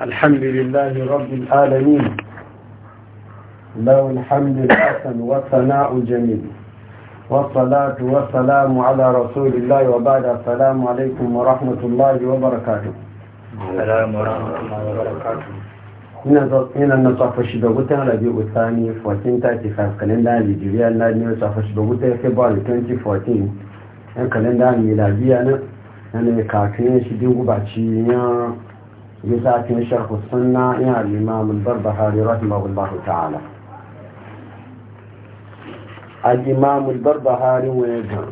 الحمد لله رب العالمين له الحمد الحسن والثناء الجميل والصلاة والسلام على رسول الله وبعد السلام عليكم ورحمة الله وبركاته السلام ورحمة الله وبركاته ina na tsafa shi da wutan rabi utani 1435 kalenda nigeria na ne tsafa shi da wutan february 2014 yan kalenda miladiya na ne kafin shi dingu baci yan لساكن الشرق السنة يا الإمام البربهاري رحمه الله تعالى الإمام البربهاري ويجا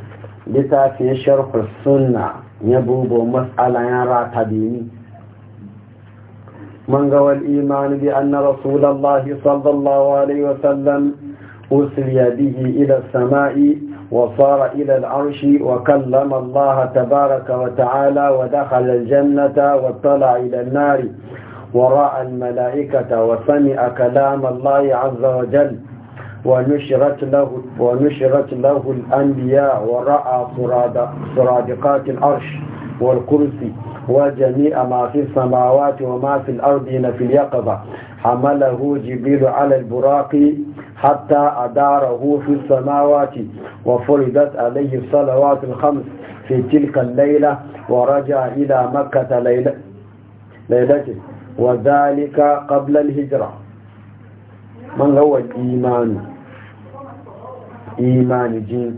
لساكن الشرق السنة يبوب مسألة يا تبيني من قوى الإيمان بأن رسول الله صلى الله عليه وسلم أسري به إلى السماء وصار إلى العرش وكلم الله تبارك وتعالى ودخل الجنة واطلع إلى النار وراء الملائكة وسمع كلام الله عز وجل ونشرت له, ونشرت له الأنبياء ورأى صرادقات العرش والكرسي وجميع ما في السماوات وما في الأرض في اليقظة حمله جبريل على البراق حتى أداره في السماوات وفرضت عليه الصلوات الخمس في تلك الليلة ورجع إلى مكة ليلة ليلته وذلك قبل الهجرة من هو الإيمان إيمان جين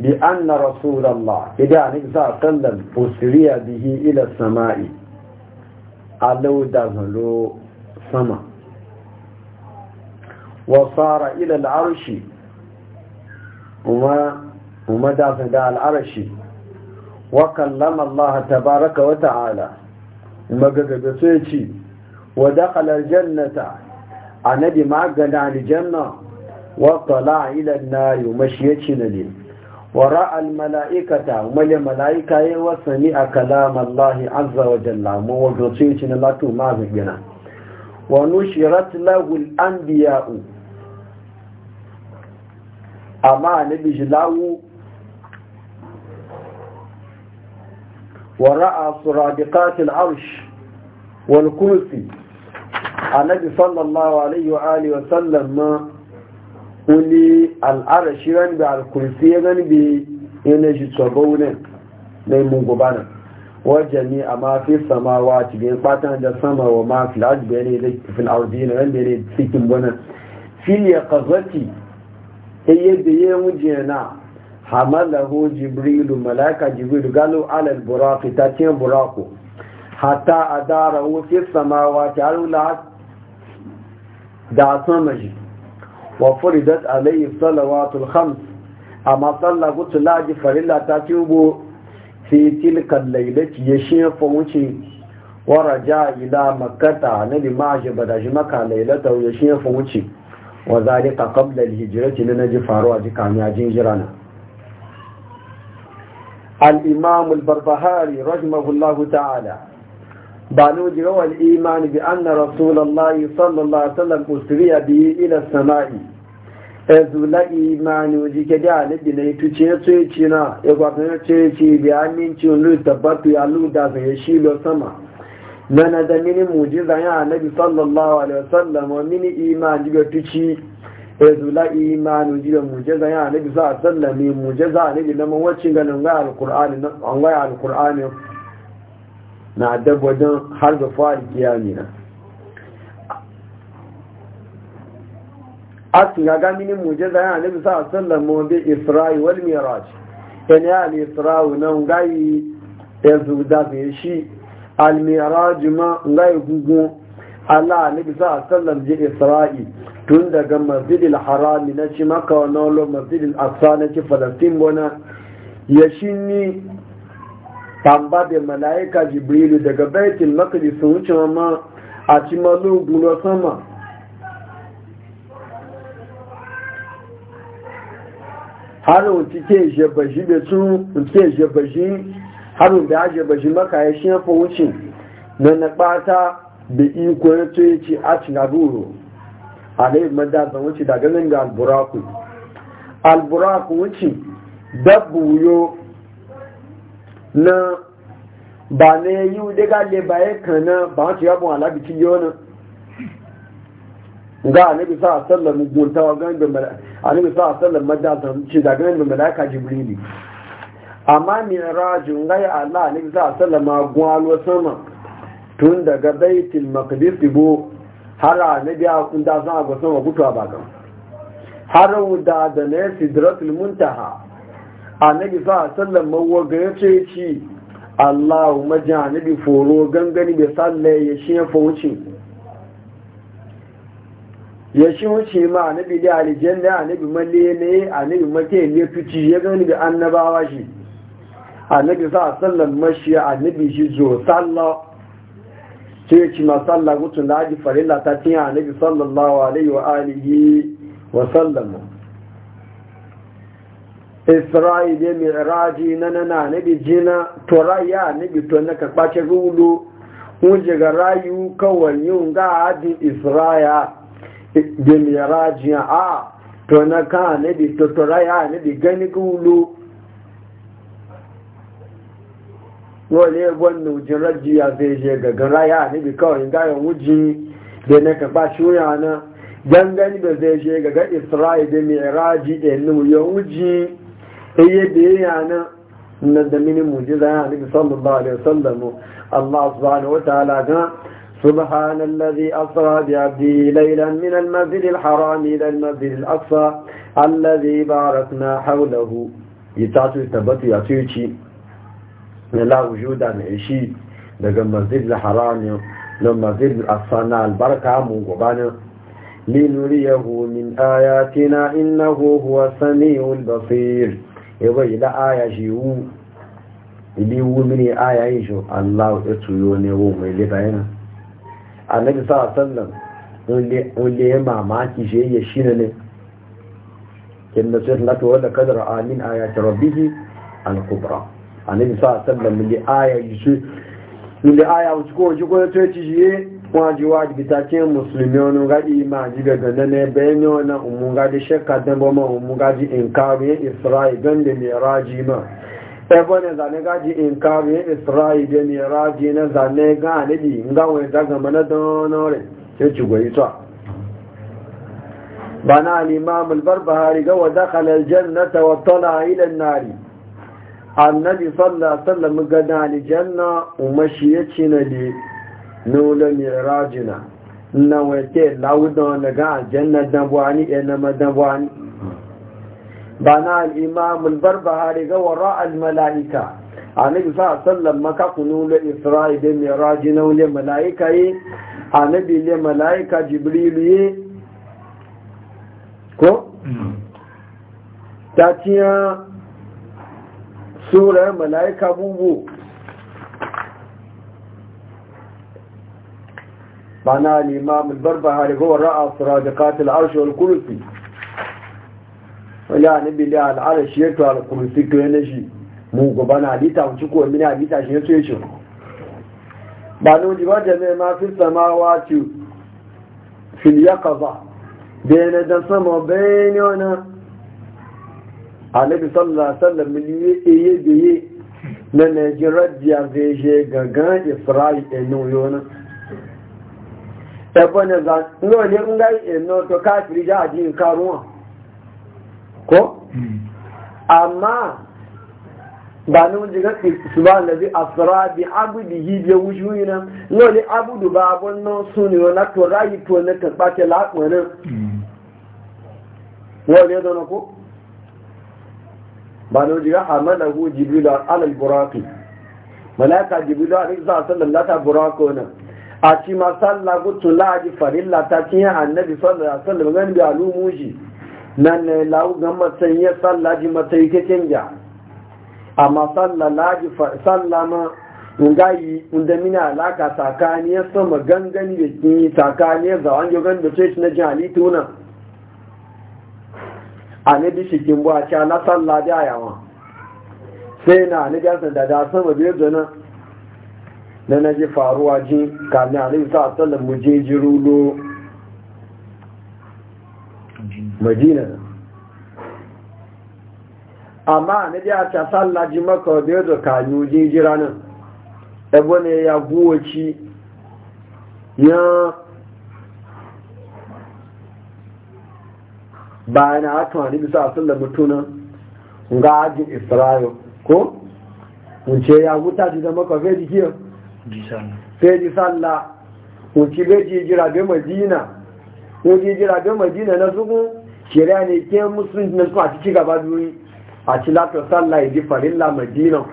بأن رسول الله إذا نقصى قلم أسري به إلى السماء ألو دهلو sama wasara ila al'arshi kuma dafa da al'arshi wa kallama Allah tabaraka wa ta'ala magagaga sai ce wa dakhala jannata annabi magana aljanna wa tala ila an-nar mashiyaci ne wa ra'al malaikata wal mala'ika ya wasani a kalam Allah azza wa jalla mu wa sai ce na latu ma ونشرت له الأنبياء أما نبي جلاو ورأى سرادقات العرش والكرسي النبي صلى الله عليه وآله وسلم ما ولي العرش يغني بالكرسي يغني بينجي تصبونه نيمون قبانا wajeni a mafi samawa cikin fatan da sama wa mafi lajibe ne da fil arzina wanda ne cikin bunan filiya kazati ta eh, da ya wuje na hamalahu jibrilu malaka jibrilu galo alal buraku ta ce buraku hatta a dara wufi samawa ta harula da sama shi wa furidat alayhi salawatul khams amma sallaku tulaji farilla ta ce fi tilkan lailaci ya shefa wuce waraja ila makata na limaji ba da shi maka lailata ya shefa wuce wa zalika qabla alhijrati na naji faruwa ji kamiya jinjira na al-imam al-barbahari rahimahullahu ta'ala banu jirawal imani bi anna rasulullahi sallallahu alaihi wasallam usriya bihi ila samai ezula imani ojike da alibi na itu ce ce ce na egwafin ce ce bi aminci lu tabbatu ya lu da zai shi lo sama na na da mini mujiza ya alibi sallallahu alaihi wasallam wa mini imani ga tuci ezula imani ojike mujiza ya alibi sallallahu alaihi wasallam mujiza alibi na mawacin ganin ga alkur'ani na an ga alkur'ani na dabbadan har da fari kiyami na asin ga gaminin mujiza yana nabi sa sallan mu bi isra'i wal miraj yana ya al ya zuda fi shi al miraj ma gayi gugu ala nabi sa sallan je isra'i tun daga masjidil harami na ci maka wa nolo masjidil aqsa na ci bona ya shi ni tamba malaika jibrilu daga baitul maqdis sun wuce ma a ci malugu na sama harin cike shebashi da su cike shebashi harin da ya shebashi maka ya shefa wuce na na ɓata da iko ya ce ce a cinaruro a laifin madazan wuce daga nan ga alburaku alburaku wuce dabbuyo na ba e na yi daga lebaye kanan ba wacce yabon alabici yau nan ga annabi sa sallam da ga annabi sa sallam majalta ce da ganin malaika jibrili amma mirajin ga Allah annabi sa sallam gwalo sama tun daga baitul maqdis bo har annabi a kun da san ga sama gutuwa ba kan har da da ne sidratul muntaha annabi sa sallar mawaga yace ci Allahumma janibi foro gangani bi sallaye shi ya fauci ya shi wuce ma nabi da a nabi malle ne annabi make ne fici ya gani da annabawa shi A nabi sa sallar mashi a nabi shi zo salla ce ci ma salla na da aji farilla ta sallar annabi sallallahu alaihi wa alihi wa sallam isra'i da mi'raji nanana nabi jina to raya nabi to na kwace rulu wunje ga rayu kawai yin ga adin Isra'il. demiyara a tonaka ne bi totora ya ne bi gani wale wannan wujin da na kafa shuya na gangani da zai je gaga da mai raji da e yanzu ya wuji iya e da ya na na da mini mujiza ya ne sallallahu alaihi wasallam Allah subhanahu wa ta'ala ga سبحان الذي أسرى بعبده ليلا من المسجد الحرام إلى المسجد الأقصى الذي باركنا حوله يتعطي ثبت يتعطي لا وجود عن عشي لقى المسجد الحرام للمسجد الأقصى البركة من لنريه من آياتنا إنه هو السميع البصير إلى آية جيو إلي من آية جيو الله يتويوني ومي بينا annabi sa sallam wanda ya mamaki shi ya shi ne kin da sai lati wala kadar amin ayat rabbihi al-kubra annabi sa sallam li aya yusu li aya wuce ko ji ko to ci shi waji waji bitace musulmi onu ga imaji ga dana ne bayan na umu ga da shakka dan ba ma umu ga ji inkaru israil dan ganda miraji ma ebe ne zane gaji in kare isra'i da ne raji na zane ga anabi nga wani dagama na donore ya ci gwai ta bana al'imam al-barbahari ga wadda kalar jannata wa tala ilan nari annabi sallallahu gada aljanna umashi ya ci na di nula mai rajina na wake laudan daga aljanna dabuwani ya na ni? بنا الإمام البربهاري وراء الملائكة النبي صلى الله عليه وسلم مكا قنول إسراء بمراج نول ملائكة النبي لملائكة جبريل كو تاتيا سورة ملائكة بوبو بنا الإمام البربهاري وراء صرادقات العرش والكرسي wala ni bili al arashi ya to al kursi to ne shi mu goba na hadita mu ciko mini hadita shi ya so shi ba no di ba da ne ma fi samawati fil yaqza bayna da sama ne wani? annabi sallallahu alaihi wasallam miliye da biye na Najeriya jiya zai je gangan Isra'il ɗin yona. Ebe ne za, nwa ne nga ino to kafiri ja ajiyar karuwa. ko hmm. amma ba ni wani jiga subhanahu allazi asra bi abdihi bi wujhina no le abudu ba su ne wani to rayu to na ta bace la wani ya zana ko ba ni wani jiga hamalahu jibril alal buraki malaka malaika a alayhi a la lata buraqo na a cima masalla gutula ji farilla ta cinya annabi sallallahu alaihi wasallam gani bi alumushi nan ne lau ga matsayin ya sallaji matsayi ta canja amma sallalaji sallama ngayi inda mina alaka tsakaniyar sama gangan da ki tsakaniyar zawon yogan da ce na jihali tuna a ne bi shikin bu a ce na sallaji a yawa sai na ne gasa da da sama biyar da na na na ji faruwa ji kamiyar a ne bisa a mu je jirulo madina amma na ji a ta sallaji maka da yadda kanyu jira nan ebe ne ya guwaci ya bayan a wani bisa a sallar mutunan ga ajin israel ko wunce ya wuta ji zama ka jiki jikiya fai ji sallah wunci bai ji jira bai madina wunci jira bai madina na sukun shari'a ne ke musulunci na a ci gaba duni a ci latin sallah ya ji farilla madina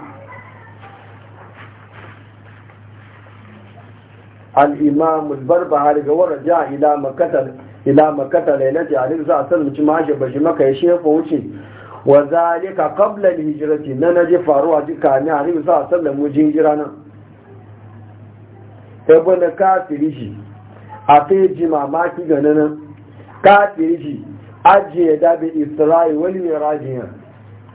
al'imam har ga wara ja ila makata ila makatar lailati a rin za a san mutum hashe bashi maka ya shefa wuce wa zalika qabla da hijirati na naje faruwa duka ne a rin za a san da mu nan ebe na kafiri shi a fejima maki ga kafiri shi ajiye da bi isra'i wani mai rajiya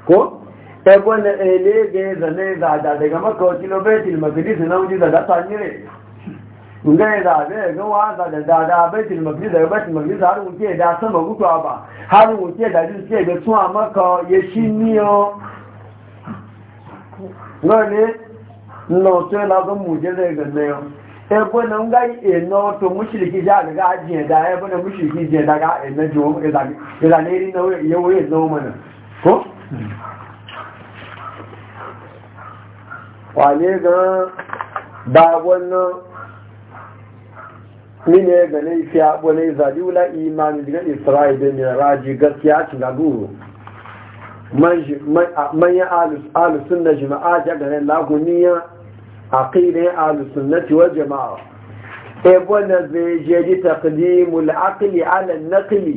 ko ele e, ya zane daga maka wa kilobetil na wuji nire ya zaɓe ya har wuce da sama gutuwa ba har da jin ga tuwa maka ya shi niyo ne zai yau ebo na nga eno to mushriki ja ga ajiye da ebo na mushriki je da ga eno jo da da ne ri na ye wo ye zo mana ko wale ga ba wannan ni ne ga ne fi abu ne zadi wula imani daga isra'il da mai raji gaskiya ci ga guru manyan alusun da jima'a jagarai laguniya عقيدة أهل السنة وجماعة إبونا ذي جيري تقديم العقل على النقل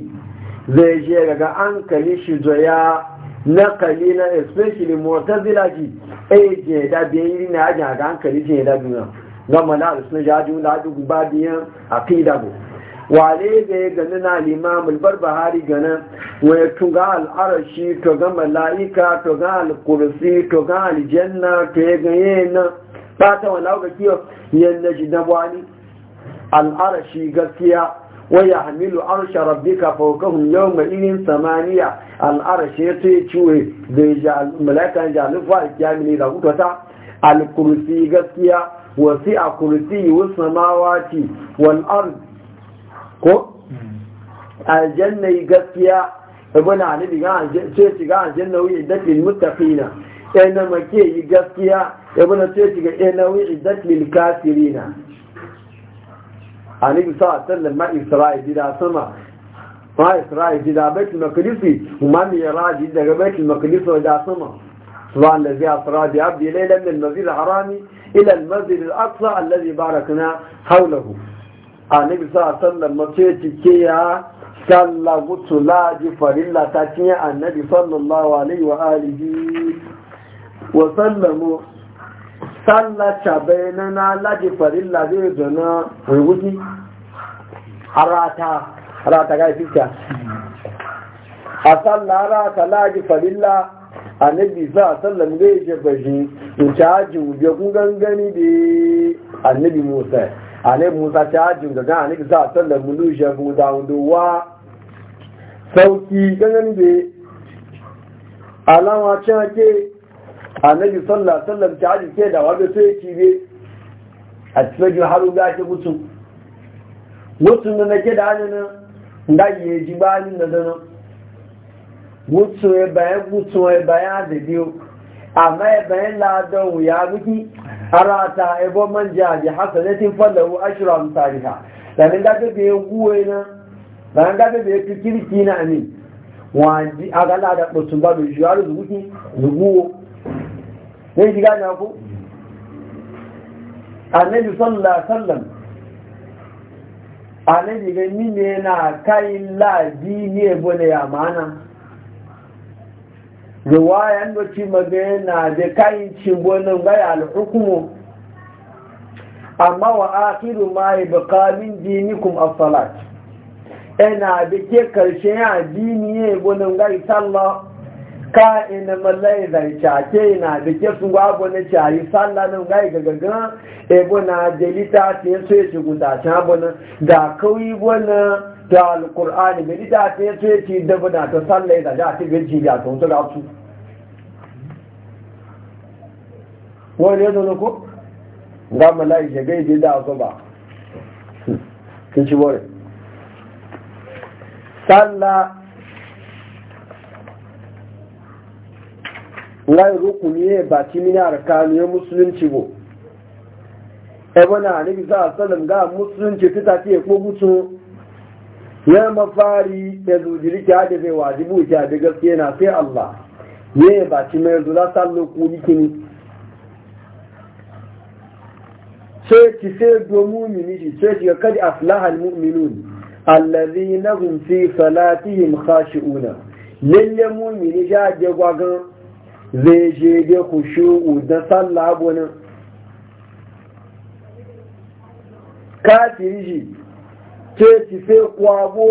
ذي جيري قانك لشجويا نقلين especially معتذل أجي أي جيدا بيئرين أجي قانك لشجيدا بيئر نعم لا رسنا جاجون لا دوك بابيان عقيدة بو وعليه ذي الإمام البربهاري قنا ويتوغا العرشي توغا ملايكا توغا القرسي توغا الجنة توغا ينا fata wala ga kiyo yanda shi dabwani al'arashi gaskiya wa yahmilu arsha rabbika yau mai irin samaniya al'arashi yato ya ciwe zai ja malaika ja lufa kiyami da kutata al'kursi gaskiya wa a kursi wasu samawati wal'ar ko aljanna gaskiya ibn ali ga ce shiga aljanna wuyi yadda mutafina ina make yi gaskiya ya bana ce shiga ɗaina wuri da lil kafirina ani bi sa sallam ma isra'i bi sama ma isra'i bi da bait makdisi kuma ni ya raji daga bait makdisi da zai subhan allazi asra bi abdi layla min da harami ila al masjid al aqsa allazi barakna hawlahu ani bi sa sallam ma ce ke ya sallabu tulaji farilla ta cinye annabi sallallahu alaihi wa alihi wa sallamu sallaca bayanana laji farilla zai zana rubuti harata harata ga fiska a salla harata laji farilla a nabi sa sallam zai je bashi in cajin ube kun gangani da annabi musa annabi musa cajin ga gan annabi sa sallam mun lushe kun da wa sauki gangani da alawa cin ake annabi sallallahu alaihi wasallam ta ji sai da wanda sai kibe a cikin haru ga ke mutu mutu ne nake da hannun nan da yi ji ba ni da dana mutu ya bayan mutu ya bayan da biyu amma ya bayan ladan ya miki arata ebo manja bi hasanatin falahu ashra amsalha dan da ke be guwe na dan da ke be kirki na wa ji agala da butu ba shi yaru zuki zuguwo zai shiga na ku annabi sallallahu alaihi wasallam annabi ga ni ne na kai laji ne bole ya mana wayan da ci magana da kai ci bole ga al-hukmu amma wa akhiru ma yabqa min dinikum as-salat ina da ke karshen addini ne bole ga sallallahu ka ina mallai zai cake na da ke sun gwabo na cari salla nan gai ga gaga ebo na delita ta yin soye ce guda ta bana da kauyi bana da alkur'ani delita ta yin soye ce da bana ta salla da da ta gaji da ta wuta gasu wani yanzu na ko ga mallai shagai da da su ba hm. kin ci bore salla wai rukuni ne ba mini arkanu ya musulunci bo e bana nabi za a sallam ga musulunci ta ya ko mutu ya mafari ya zujiri ta hada bai wajibu ta da gaske na sai Allah ne ba ki mai zula sallo ku yikini sai ki sai do mu'mini ji sai ki kadi aflaha mu'minun alladhina hum fi salatihim khashi'una lalle mu'mini ja je gwagan zai je ga kushu'u da sallah abunin kafiri shi ce sai fe kwabo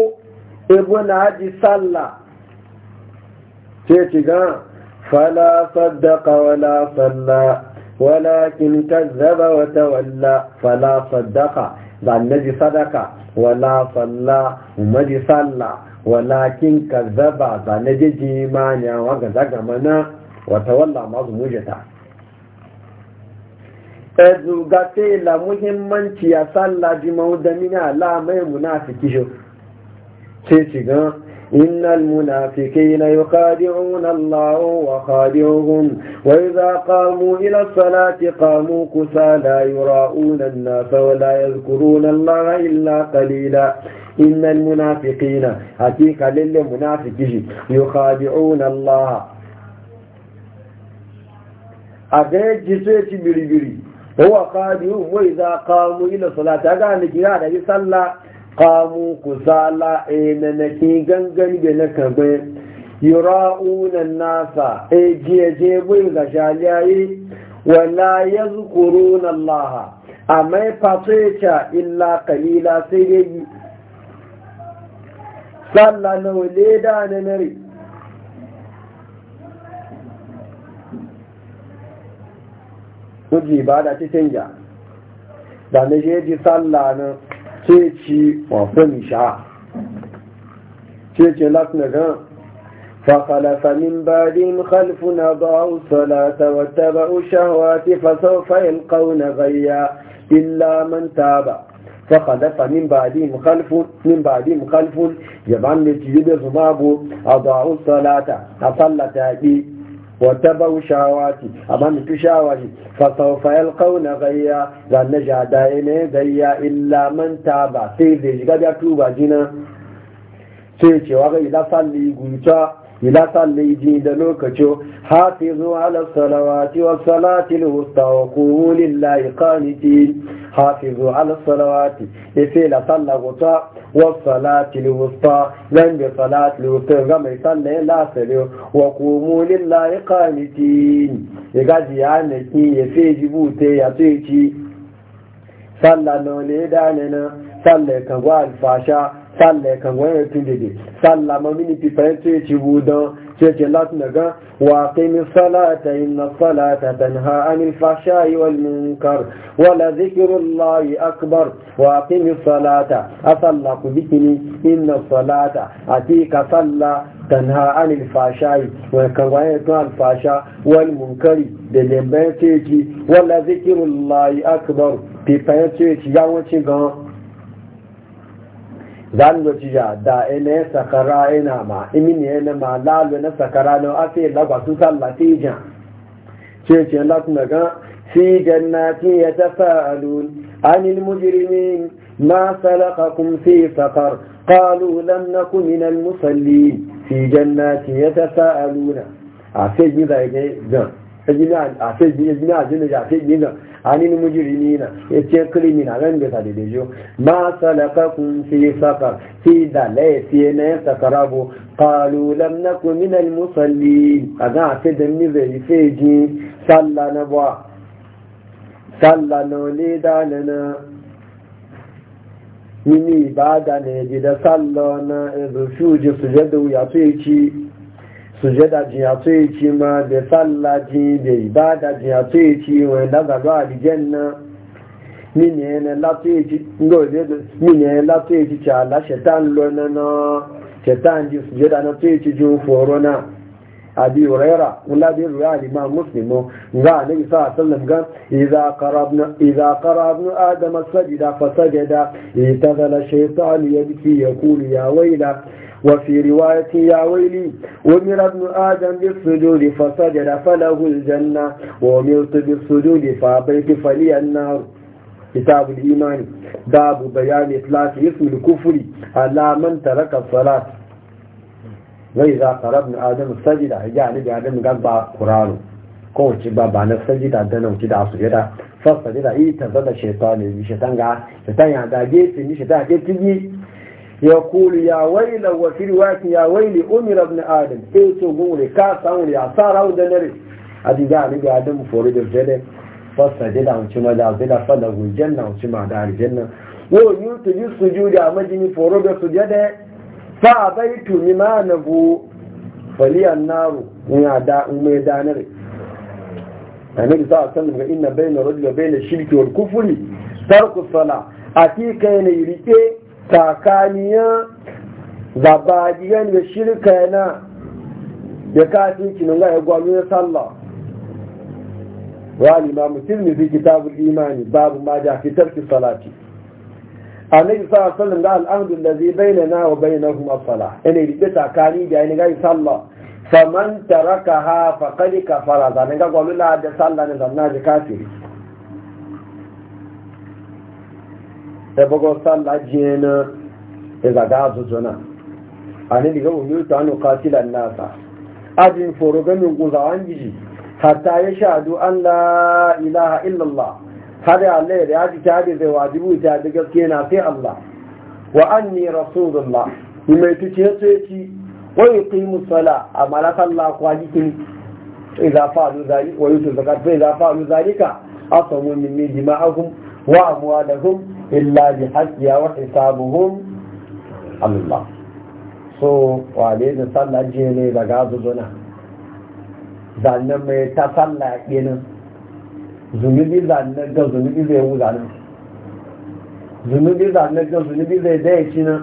ebo na haji sallah ce ci gan fala saddaka wala sallah, walakin kazzaba wa tawalla fala saddaka ji sadaka wala salla ji sallah walakin kazzaba zannaji jimani wa gaza gamana watawalla masu mujata ezu gafe la muhimmanci ya salla ji maudamina la mai munafiki shi sai ci gan إن المنافقين يخادعون الله وخادعهم وإذا قاموا إلى الصلاة قاموا كسى لا يراؤون الناس ولا يذكرون الله إلا قليلا إن المنافقين حقيقة للمنافقين يخادعون الله a ga yaji ya ci biribiri wa qadihu wa idza qamu ila salata ga ni kira da yi sallah ku kusala e na na ki gangan da na kabe yura'una nasa e je je bai ga shaliyayi wala yazkuruna allaha ya fataita e e illa qalila sai dai sallah na wale da na nare kuji ibada ta canja da na je ji sallah na ce ci wasu nisha ce ce lati na gan فخلف من بعدهم خلف أضاعوا الصلاة واتبعوا الشهوات فسوف يلقون غيا إلا من تاب فخلف من بعدهم خلف من بعدهم خلف يبعن لتجد زمابه أضاعوا الصلاة أصلت أبي watabau shawati abani tu shawari fa sawfa yalqawna da la najada ne ghayya illa man taba sai da shiga da tuba jina sai ce wa ga idan falli gunta ila salliji da lokacin hafizu ala salawati wa salatil wusta wa qumu lillahi qanitin hafizu ala salawati ife la salla wuta wa salatil wusta zan bi salatil wusta ga mai salla la salo wa qumu lillahi qanitin ya gaji ya ne ki ya fe jibute ya tuci salla no le dane na salla ka wa alfasha sallah ya kan wayar tun dede sallah ma mini fi fayin tuye ci budan ce ce lati daga wa min salata na salata tanha anil fahsha'i wal munkar wa la zikrullahi akbar wa min salata a asalla ku bikini na salata A ta salla tanha anil fahsha'i wa kan wayar tun al fahsha wal munkari da lembayin tuye ci wa la zikrullahi akbar fi fayin tuye ci yawon ci gan zan doci ja da ene sakara ina ma imin ene ma lalu na sakara na ake lagwa su sallati ja ce ce la kuma ga fi jannati yatafa'alun anil mujrimin ma salakakum fi saqar qalu lam naku min al musallin fi jannati yatafa'aluna a sai ji da ga jan a sai ji a sai ji da anil mujrimina yace criminal ran da da jo. ma salakakum fi saka fi dalay fi na takarabu qalu lam nakum min al musallin aga fi da mi zai feji sallana ba sallano le dalana mini ibada ne ji da sallona ezu shuji sujadu ya ci. sujada jiya to ma da sallaji da ibada jiya to yi ci wani lagado alijanna nínú ẹni látó lọ náà ṣẹ̀tà ń di ju abi huraira wala bi ruwa liman muslimu ga annabi sa sallam ga idza qarabna idza qarabna adama sajida fa sajada itadala shaytan yabki yaqulu ya wayla وفي رواية يا ويلي أمر ابن آدم بالسجود فسجد فله الجنة وأمرت بالسجود فأبيت فلي النار كتاب الإيمان باب بيان إطلاق اسم الكفر على من ترك الصلاة wai za ka rabu adam sajida ya ni da adam gaba kuraro ko wace ba ba na sajida da nan ki da su yada fa sajida yi ta zada shaytani bi shaytan ga shaytan ya da gefe ni shaytan ya tiji ya kulu ya waila wa fi riwayati ya waili umir ibn adam e to gure ka samu ya sara da nare adi ga ni da adam fori da jade fa sajida un ci ma da da fa da janna un ci ma da aljanna wo yutu a majini foro da sujada fa baitu limanahu faliyan naru ya da mai danare annabi sa sallam ga inna bayna rajula bayna shirki wal kufri tarku sala atika yana yirike takaniya zabajiyan da shirka yana da kafin kinin ga ya gwalo ya sallah wa al-imam tirmidhi kitabul imani babu ma ja fi tarki salati annabi sallallahu alaihi wasallam da al'ahdu allazi bainana wa bainahum kuma salah ina yi rike kani da ina ga sallah faman tarakaha faqad ka fara. Zanen ga gwamnati da sallah ne zanna ji kafiri da e bago sallah jena da e zaga zuzuna annabi ga umiru ta anu qatilan nasa ajin forogamin guzawan giji hatta ya shahadu an la ilaha illallah kada Allah ya yaji ta da zai wajibu ta da gaske na sai Allah wa anni rasulullah ni mai tuce yace ci wa yuqimu sala amala sallah ko ajikin idza fa'alu zalika wa yutu zakat fa idza fa'alu zalika asamu min jima'ahum wa amwalahum illa bi haqqiha wa hisabuhum Allah so wa ne da sallah je ne daga zuna zannan mai ta sallah kenan zunubi zanen gan zunubi zai wu zanen zunubi zanen gan zunubi zai daya ci nan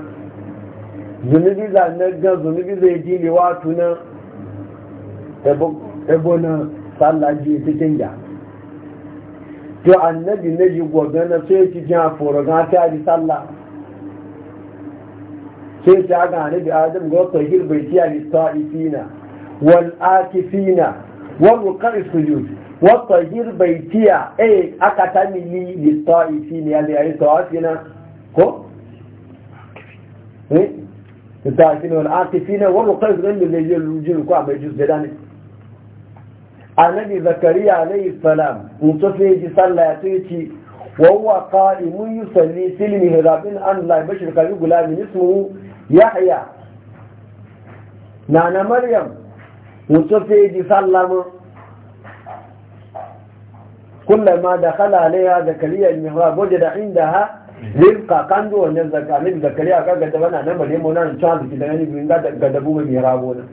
zunubi zanen gan zunubi zai ji liwatu nan ebo na sallaji cikin ya to annabi na ji gwagana sai cikin aforo ga ta ji sallah sai ta ga da adam ga wata girbai tiya lissa'ifina wal'akifina wal ruqa'i sujud wata bai tiya eh aka ta mili littafi ne ya zai na ko? eh littafi ne wani akifi ne wani kai zuwan da zai yi rujin ko a mai jus da dani annabi zakariya alayhi salam mutu ji sallah ya sai ci wawwa qa'imun yusalli silmi hirabin an la bashir kabi gulamin ismuhu yahya nana maryam mutu ji ji sallama كلما دخل عليها زكريا المهراب وجد عندها rizqa kan zo wannan zakka ne kan ga dabana nan bare da ni bin ga dabu mai nan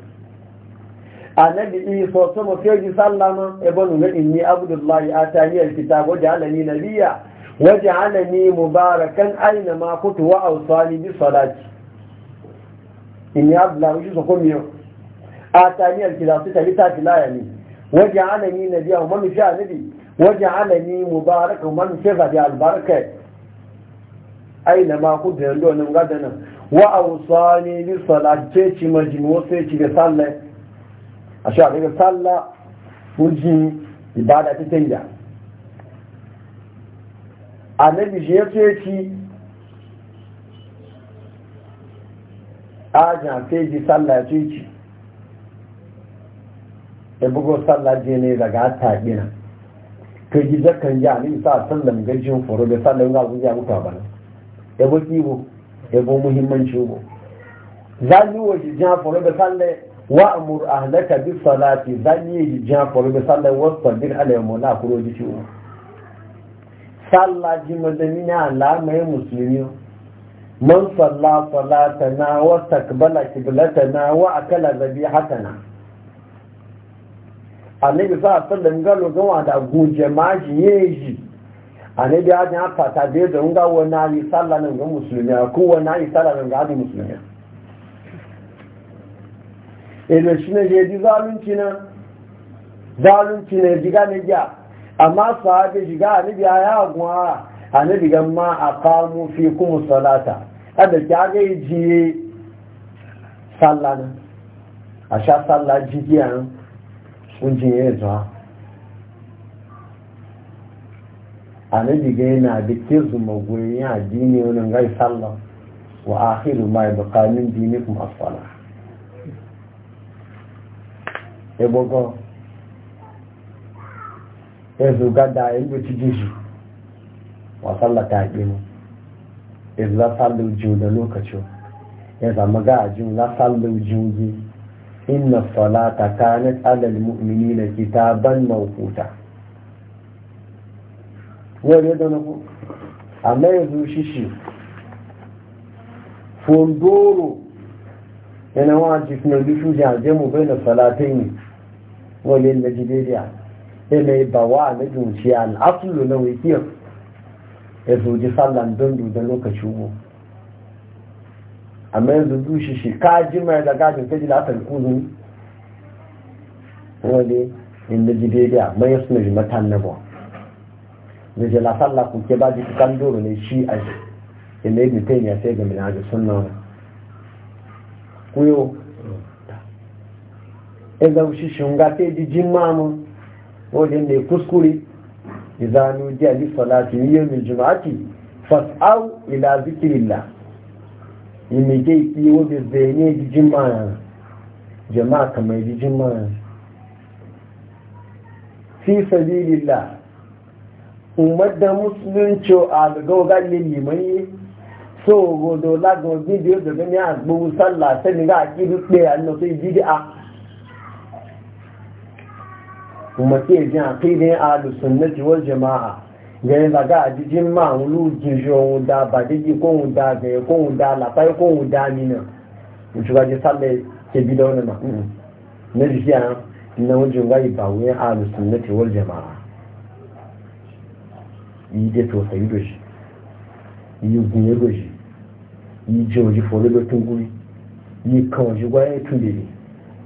annabi yi so so mu fi sallama e bonu ga inni abdullahi atani alkitabu ja'alani nabiyya wa ja'alani mubarakan aina ma kuntu wa awsani bi salati inni abdullahi shi so ko miyo atani alkitabu waj'alani mubarakan man shafa bi albaraka aina ma ku da ndo nan ga nan wa awsani bi salati ci majmu sai ci ga salla a sha ga salla kuji ibada ta tanya annabi je ce ci ajan sai ji salla ci ci e bugo salla je ne daga ta gina to ji zakan ya ni sa sallam gajin foro da sallam ga ya mutu ba ne ya bo mu ya bo muhimmanci bo zani wa ji jan foro da da wa amur ahlaka bi salati zani ji jan foro da da wa sabir alayhi mu na kuro ji ciwo sallah ji madani na alama mai musulmi man salla salatana wa takbala qiblatana wa akala zabihatana annabi sa a sallan galo gawa da guje maji yeji annabi a jan fata da yadda nga wani ayi sallah nan ga musulmi ko wana ayi sallah nan ga musulmi ele shi ne je zalunci nan zalunci ne jiga ne ja amma sahabe jiga annabi ya ya gwa annabi ga ma a aqamu fi kum salata kada ja ga yi ji sallah nan a sha sallah jigiya nan kuncin ya zuwa a na diga yana da kezu magoyin ya addini wani gai sallah wa akhiru ma ya bukamin dini kuma asfala e bugo e zuga da ya buci jishi wa sallah ta gini e za sallu jiwu da lokacin ya zama ga a jiwu na sallu jiwu inna salata kanat alal mu'minina kitaban mawquta wani da na ku amma yanzu shi shi fondoro yana wa jikin bishu jaje mu bai na salatai ne wani na jidediya yana yi ba wa na junciya al'asulu na wikiyar ya zoji sallan dundu da lokaci amma yanzu dushi shi ka ji mai da gajin kaji da aka kuzun wani inda ji daidai mai yasu na matan na ba da jalasar la kuke ba ji kan doro ne shi a shi inda yi mutum ya sai ga mina da sunna kuyo inda shi nga sai ji jin mamu wani ne kuskure izanu ji a lissalati yi yau mai jima'ati fas'au ila zikirillah imike iti o bi be ni ejiji mara jama'a kama ejiji mara fi sabilillah umar da musulunci a daga ga liman yi so godo lagun bidiyo daga ni agbo sallah sani ga akiru pe annu so ibidi a ah. umar ke jin aqidin ahlus sunnati wal jama'a gẹ̀yìn bàgá àjíjí máa ń lù jíjọ ohun da bàdíjì kóhun da gẹ̀yìn kóhun da làpáyé kóhun da nínà ìṣúgbàjì sálẹ̀ kebí lọ́nà mà hmm. méjì sí àwọn jù wá ìbàwé àrùsùn lẹ́tì wọ́n jẹ̀ máa yìí dé tó sẹ́yìn lòṣì yìí gun yẹn lòṣì yìí jẹ́ òjì fọ́lẹ́ ló tún gúrí yìí kan òjì wáyé tún lè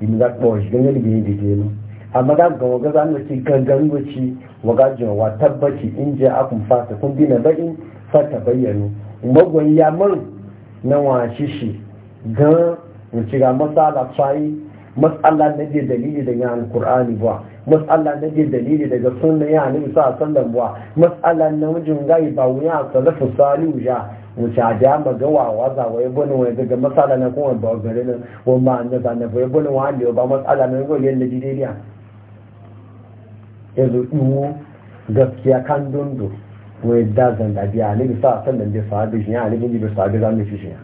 ìmúgbà pọ̀ òjì gẹ́gẹ́ wagajin wa tabbaci in je akun fata kun bi na bayin fata bayyano magwan ya mar na wa shishi gan wuce ga matsala tsayi matsala na je dalili daga kur'ani ba matsala na je dalili daga sunna ya nabi sa sallan ba matsala na wajen gai ba wuya salafu salihu ja wuce a da magawa waza wa yabo ne wani daga matsala na kuma ba gare na wani ba na ba na ba yabo ne wani ba matsala na yabo ne na jideliya ya zo iwu gaskiya kan dondo wai da zanda biya ne bisa a sannan bai sahabi shi ya ne bai bai sahabi za mu fi shi ya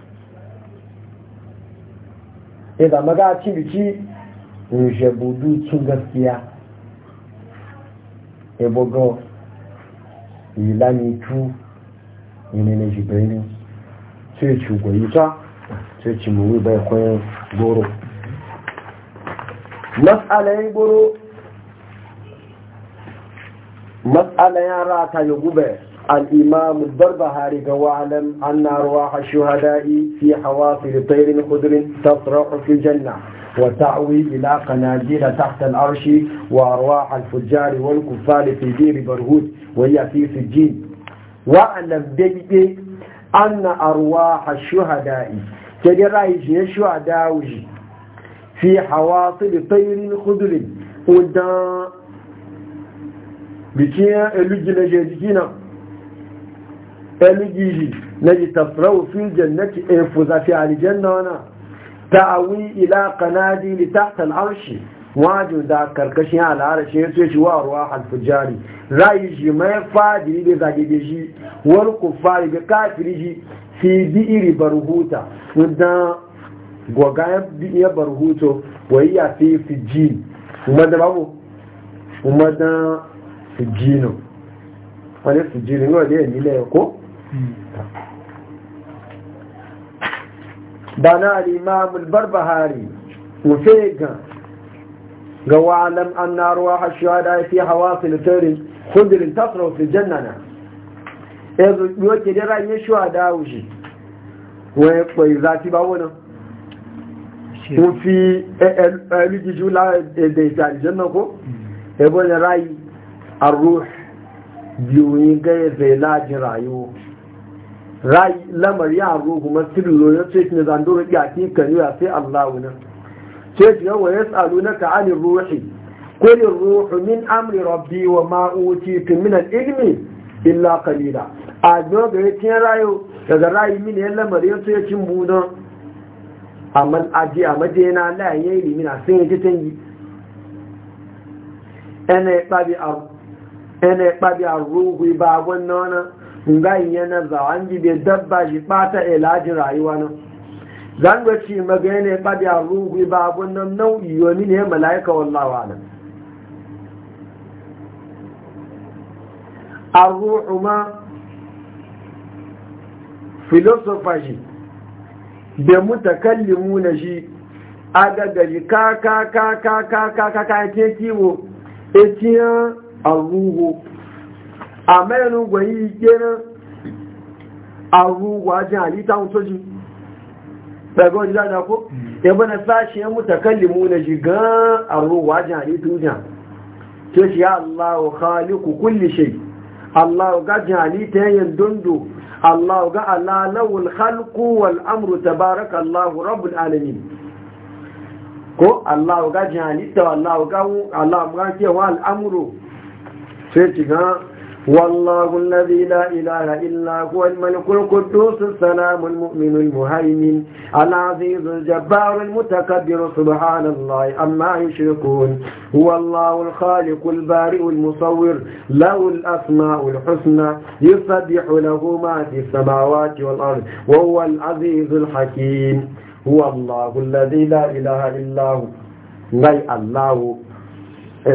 ya zama ga ci biki in shabudu tun gaskiya ya bugo ilani tu ne na jibirin sai ci goyi ta sai ci mu bai kwayan goro matsalai goro مسألة يا راتا يقوبة الإمام البربهاري واعلم أن أرواح الشهداء في حوافر طير خضر تطرح في الجنة وتعوي إلى قناديل تحت العرش وأرواح الفجار والكفار في دير برهود وهي في سجين وأعلم بيبي أن أرواح الشهداء كده رأيش يشهداء في حواصل طير خضر ودان bikin ya elugi na je jiki na na ji tafrau fil jannati e fuza fi aljanna wana ta'awi ila qanadi li tahta al'arshi wajin da karkashi al'arashi ya ce shi wa ruwa fujari rayi shi mai fadiri da zage da shi wani kufari da kafiri shi fi bi iri barhuta wadda gwaga ya barhuto wa fi fi ji Kuma da babu kuma da sujjinu wani sujjinu ní ọdẹ ìlú ẹ̀kọ́ bana al'imamul barbahari wufe ga ga wa'alam an na ruwa hashuwa da fi hawa filitarin hudurin tasra fi jannana ya zuɓi wake da ranye shuwa da wuce wani kwai zafi ba wani wufi ɗalibiju la'adai ta ko ebe wani arruh biyoyin gaya zai lajin rayuwa lamar ya ruhu masirin lori ce ne zandoro ya ke kanuwa sai Allah wunan ce ce yawon na ka'anin ruhi kulin ruhu min amri rabbi wa ma'uci tuminan ilmi illa kalila a ga ya cin rayu daga rayu mini ya lamar ya ce cin bunan amma aji a majina layan ya yi limina sun yi jitan yi ɗana ya tsabi ene kpabi arugwi ba abun nona nga yana zawangi dabba shi fata ilajin rayuwa nan zanga ci maga yana kpabi arugwi ba abun nau'i yomi ne mala'ika wallawa nan arruhu ma filosofa shi da mutakallimu na shi agagaji ka ka ka ka ka ka ka ka ka ka ka ka ka ka arruhu a mẹ́rin gwayi gẹ́rẹ́ ajin halitta mutoji ɗaga wajen dada ko yabo hmm. na sashi ya mutakallimu na jigan arruhu ajin halitta wujan ce shi ya allahu khaliku kulli shai allahu gajin halitta yayin dundu allahu ga alalawul khalku wal amru tabaraka rabbul alamin ko allahu allahu ga allahu ga kewa sai والله الذي لا إله إلا هو الملك القدوس السلام المؤمن المهيمن العزيز الجبار المتكبر سبحان الله أما يشركون هو الله الخالق البارئ المصور له الأسماء الحسنى يسبح له ما في السماوات والأرض وهو العزيز الحكيم هو الله الذي لا إله إلا هو الله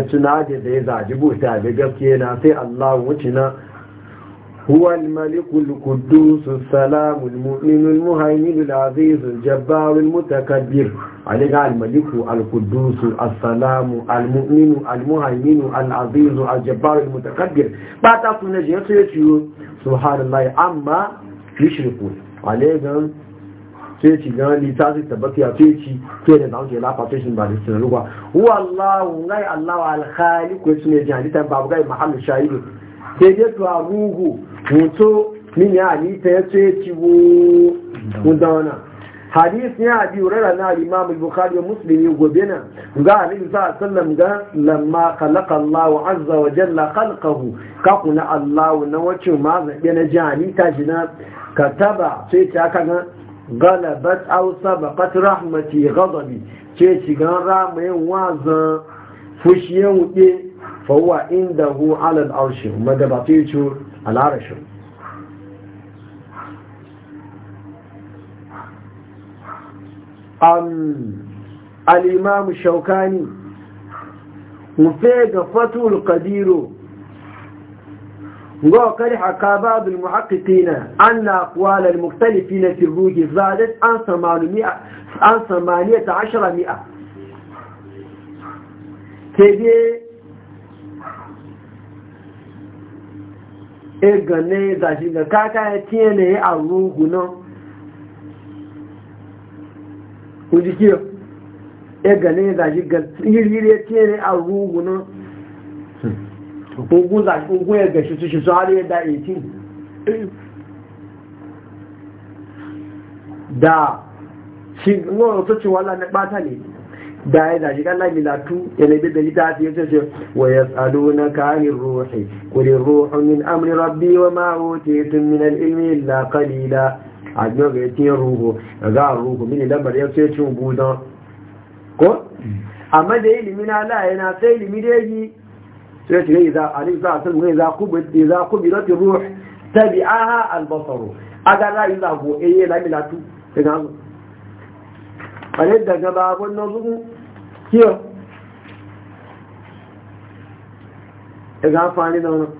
tuna da ya zaji buta da gaske na sai Allah wuce na huwal malikul kudus al mu'minul as-salamu al al azizu mutakabbir alika al-maliku al kudus as-salamu al-mu'minu al-muhaiminu al-azizu al-jabbaru al-mutakabbir ba ta sunan yato sai subhanallahi amma yushriku alaikum sai ci gan littafi tabbata ya sai ci sai da zaunce lafa sai shin ba da sinar ruwa wallahu ngai alhali alkhaliq su ne jihadi ta babu gai mahallu shahidu sai dai to ruhu mutu min ya ni ta yace ci wo mudana hadis hadith ne abi urara na imam al-bukhari muslim ne gobe na ga annabi sallallahu sallam ga lamma khalaqa allah azza wa jalla khalqahu ka kuna allah na wace ma zabe na jihadi ta jina kataba sai ta kaga galabat aw sabaqat rahmati ghadabi ce shigan ramayin wazan fushiye wuɗe fawwa inda hu alal arshi magabatu ce al arshi am al imam shaukani mu fe ga fatul qadiru وقد حكى haka babu أن ana المختلفين في الروج زادت عن 800 عن 18 مئة كده egane da shi ga rugu da shi ga yiri ya tiye ne a rugu ogun za ogun ya gashi su shi su har yadda 18 da shi ngoro to ci wala na bata ne da ya zaji kan la milatu ya nabi da lita ta yace ce wa yasalunaka anir ruhi qul ruhu min amri rabbi wa ma utitum min al-ilmi illa qalila ajo ga yace ruhu ga ruhu min lamar yace cin budan ko amma da ilimi na la sai ilimi da yi sai ce za alisa a sun wai za ku bi rafi ruh ta bi a ha e yi lami latu daga hannu a daga babon na zuku kiyo daga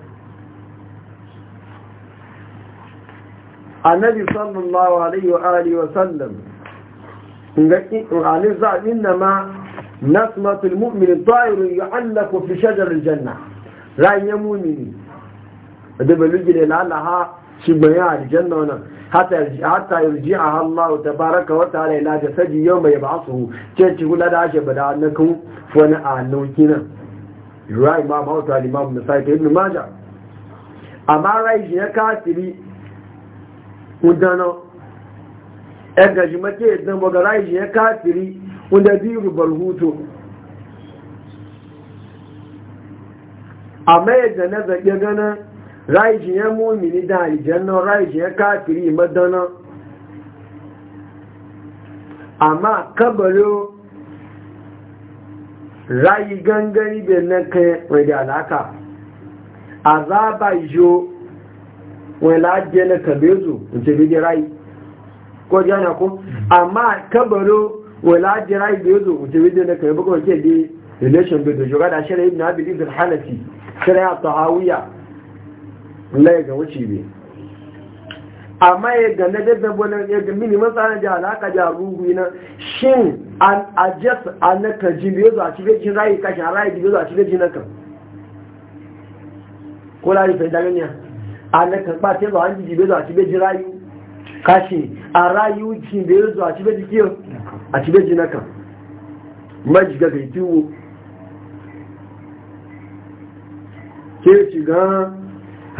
annabi sallallahu alaihi wa sallam ma نسمة المؤمن الطائر يعلق في شجر الجنة رأي مؤمني هذا بلجل لعلها شبهها الجنة حتى يرجعها الله تبارك وتعالى إلى جسد يوم يبعثه تقول لها شبه أنكم فانا أعنوكنا رأي ما موت الإمام نسائك ابن ماجع أما رأي جنكا تري ودانا أجمع كيدنا وقرأي جنكا تري wanda biyu balhuto a mayar da na zaƙe ganin raiji ya mumini da aljannan raiji ya kafiri madana amma kabaro rayi gangari da na kai mai da A azaba yo wani lajiyar na kabezu wuce bege rayi ko jana ku amma kabaro wala jira ibe yazo mutum yadda na kai baka wace da relation bai da jura da shirai ibn abi ibn hanafi shirai at-tahawiya lai ga wuce be amma ya na da bolan ya ga mini masana da alaka da ruhu na shin an adjust an na kaji be yazo a cikin jin rai kashi rai be a cikin jin ko la yi fa'ida ganiya a kashi a rayu jin a a ti méjì náà kàn méjì gẹ́gẹ́ shiga! wo kéèkì gan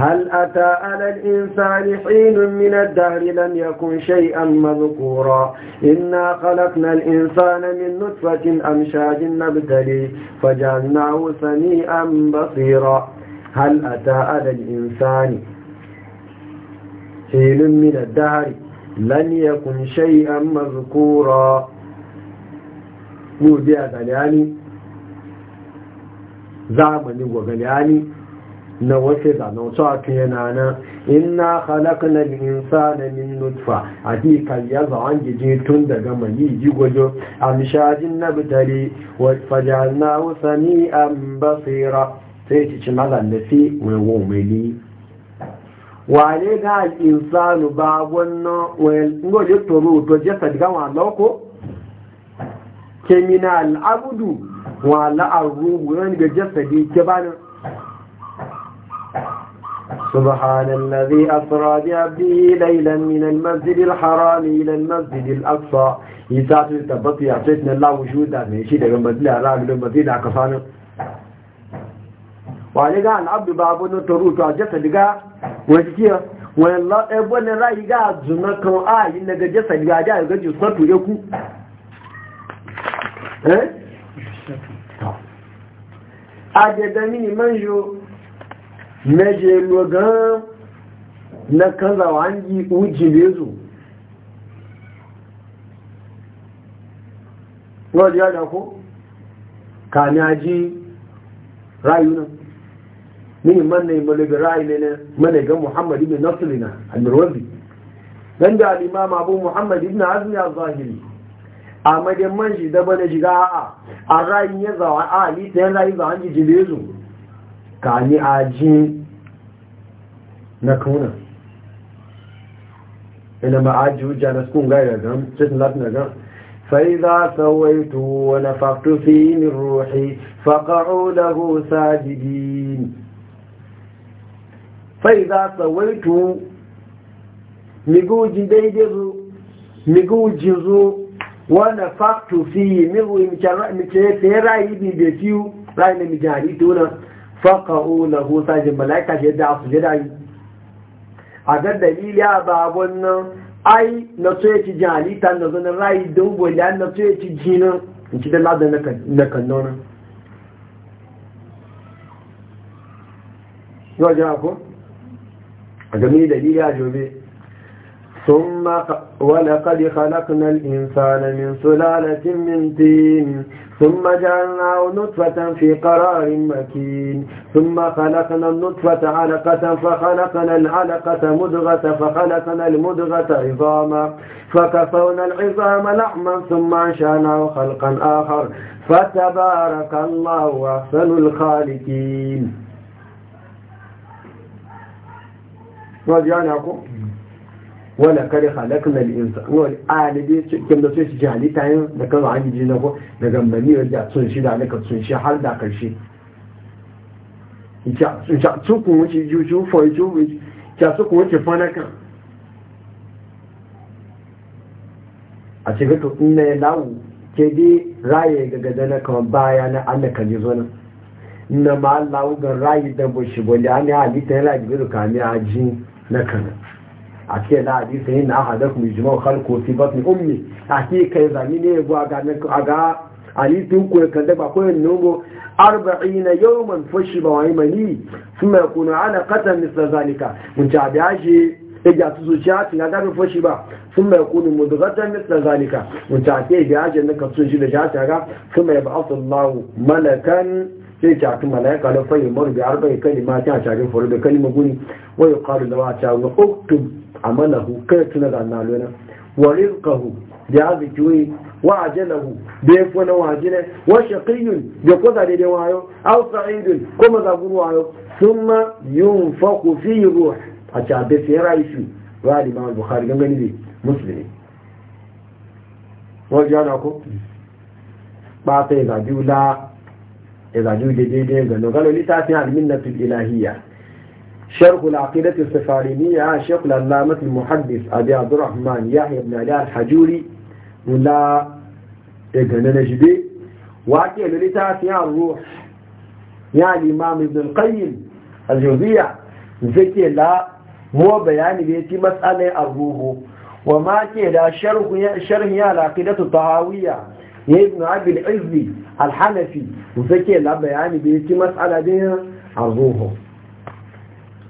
hal'ata al'insáni hínun minar dárí lam yakun shay'an mazukura inna khalaqna al'insana min nutfatin amshajin na nabtali fajalnahu an basira hal'ata al'insani hínun minar dárí lam yakun an mazukura mu biya galiyani zamani ga galiyani na wasu zana wasu a yana na inna halakna insana min nutfa hakika ya zawan gije tun daga mani jigojo amshajin nabtali wa fajalna ni an basira sai ci ci malan da fi mai wumeli wane ga insanu ba wannan wani ngojin toro to jesa gama loko ke mina al'abudu wa la'arru wurin ga jasadi ke bani سبحان الذي أسرى بعبده ليلا من المسجد الحرام إلى المسجد الأقصى يساعد التبطي أعطيتنا الله وجودا من شيء لغم بدل أراغ لغم بدل أكفانا وعليك عن عبد بابنا تروت وعجت لغا وجكيا والله أبونا رأي ga زنكم آي إنك جسد غا جاء غا جسد يكو Eh? agada mini manjo meje logan na kanza wangi uji bezu wọ́n yá k'ani aji, ni a ji rayu na mini manna imalabi rayu ne na managan muhammad ibn nasirina almirwazi dan da alimama abu muhammad ibn azmi al-zahiri a madin man shi daba shiga a a rayin ya zawa a halitta yan rayu zawa ji jibe ka ni a ji na kuna ina ma a ji hujja na sukun gaya da gan cikin latin da gam فإذا سويته ونفخت فيه من zo wanda faktu fi mihu mace ta yi rayu bi da fiyu rayu na mijari ta wunan faka'u na husa jin mala'ika shi da su jira yi a ga dalili a babon nan ai na so ya ci jari ta na zanen rayu don gwada na so ya ci jinin in ci dala da ladan na kannona yau jira ko a game dalili a jobe ثم ولقد خلقنا الإنسان من سلالة من طين ثم جعلناه نطفة في قرار مكين ثم خلقنا النطفة علقة فخلقنا العلقة مدغة فخلقنا المدغة عظاما فكسونا العظام لحما ثم أنشأناه خلقا آخر فتبارك الله أحسن الخالقين wala kare halakna al-insan wal alibi cikin da sai shi halitta yin da kan an ji na ko daga mani da sun shi da alaka sun shi har da karshe ya ja su ku wuce juju fo ju ya su ku wuce fanaka a cikin to in ne lawo, ke dai raye ga gadana kan baya na kan ji zo nan na ma lawu ga raye da bushi bole an ya halitta ya rayi ga kamiya ji na kana a ce na hadisa yin na ahadar kuma jima'u halko fi batni ummi a ce kai zami ne bu a ga halittun ku kan da ba ko yin nomo arba'ina yawman fashi ba wani mani sun mai kuna ana katar misla zalika mun ci abi ashe ya ga su zuciya tun ga gafin fashi ba sun mai kuna mudugatar misla zalika mun ci ake abi ashe na kasu shi da jata ga sun ba ba'asallahu malakan sai ta tu malaika da fayyar marubi arba'i kalimata a cikin faru da kalima guni wai ya ƙaru da wa a cikin uktub amalahu kai tuna da annalo na wa rizqahu da azkiwi wa ajalahu da yafi na wajine wa shaqiyun da kuza da da wayo aw sa'idun kuma zabun wayo thumma yunfaqu fi ruh a ta da sai raisu wa imam bukhari gangani ne muslimi ko ba ta da jula da jula daidai ga no galo litafi ilahiyya شرح العقيدة السفارينية شيخ العلامة المحدث أبي عبد الرحمن يحيى بن علي الحجوري ولا إجهنا نجبي وأتي للتاس يا الروح يا الإمام ابن القيم الجوزية زكي لا مو بيان بيتي مسألة الروح وما كي لا شرح شرح يا العقيدة الطهاوية يا ابن عبد العزي الحنفي زكي لا بيان بيتي مسألة الروح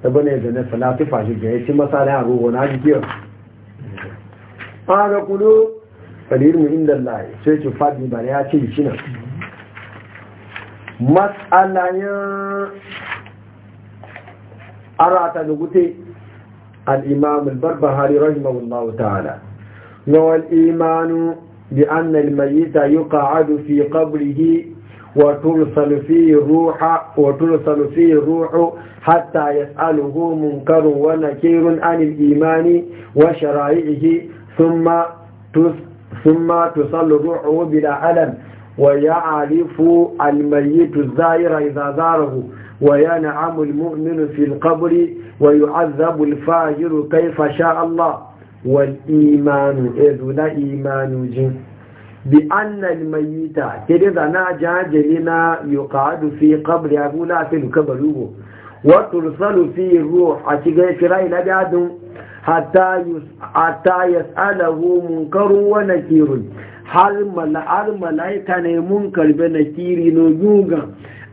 ta ne da na falatifa shi ga yaci masala a gogo na ji kiyar ƙara kudu falilmu inda lai sai ki faɗi ba ya ce shi nan matsalayen arata da gute al'imam al-barbahari rahimahullahu ta'ala na wal'imanu bi anna mayita yi ƙa'adu fi ƙabrihi وترسل فيه الروح وترسل فيه الروح حتى يسأله منكر ونكير عن الإيمان وشرائعه ثم ثم تصل روحه بلا ألم ويعرف الميت الزائر إذا زاره وينعم المؤمن في القبر ويعذب الفاجر كيف شاء الله والإيمان إذ لا إيمان جن bi annal mayita ke na zana jajali na yuqadu fi qabri abu la fi kabru wa tursalu fi ruh a cikin firai na dadin hatta yus hatta yas'alahu munkaru wa nakirun hal mal al malaika ne munkar be nakiri no yuga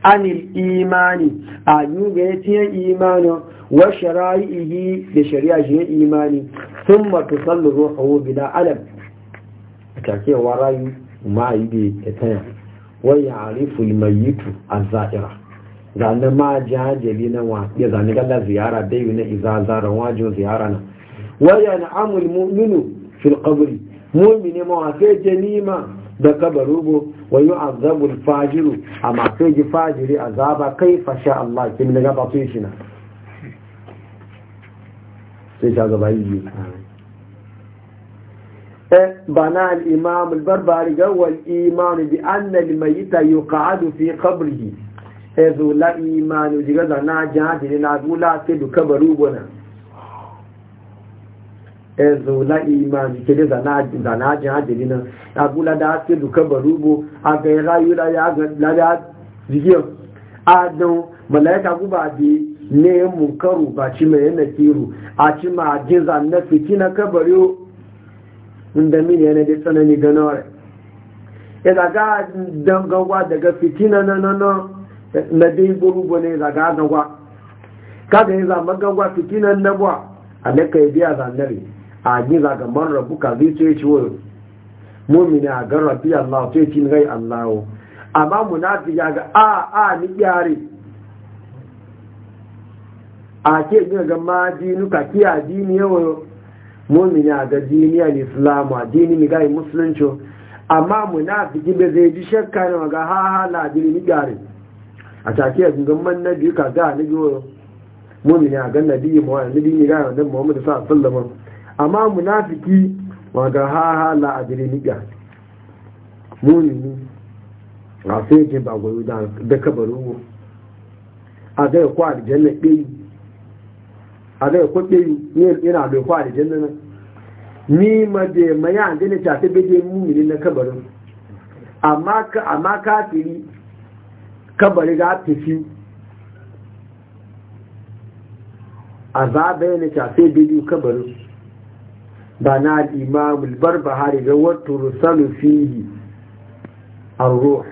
anil imani a yuga ya imani wa shara'ihi da shari'a shi imani thumma tusallu ruhu bila alam kake warayu ma yi bi etanya wa ya'rifu al-mayyitu a zaira Zane ma jajeli na wa ya zanne ziyara dai ne iza zara wajo ziyara na wa yan'amu al-mu'minu fi al-qabri mu'mini ma ke janima da kabarugo wa yu'azzabu al-fajiru amma sai ji fajiri azaba kai fashe Allah kin daga batishina sai بناء الإمام البربري هو الإيمان بأن الميت يقعد في قبره إذ لا إيمان جغزا ناجات لنادو لا تدو كبرو بنا ezo la imani kele za na ajin ajiri nan agula da ake duka baru a ga ya rayu da ya ga lada jigiyo a don malaika guba bi ne mun karu ba ci mai yana kiro a ci ma ajin za na fiti na kabari da mini yana da tsanani ganawar ya zaga dangagwa daga fitina na nana na dai gurugu ne zaga gagwa kada ya zama gagwa fitina na buwa a daga ya biya zanare a yi zagaman rabu ka zai ce ci wuri mumini a gan rabi allah ce ci rai allahu amma munafi ya ga a a ni yare a ke ga ma dinuka kiya dini yawayo mumini a ga dini al islamu dini mi gai musulunci amma munafiki ba zai ji shakka ne ga ha ha la dini mi gari a take yanzu ga man nabi ka ga ni yo mumini a ga nabi mu wa nabi mi gai da Muhammad sallallahu alaihi wasallam amma munafiki wa ga ha ha la dini mi gari mumini a sai ke ba goyo da da kabaru a ga kwa aljanna dai a ga kwa dai yana da kwa aljanna nan ni ma je ma ya an dane ta tabe da ni na kabarin amma ka amma tiri kabari ga tafi azabe ne ta tabe da kabarin ba na imam al-barbahari ga wato rusalu fihi ar-ruh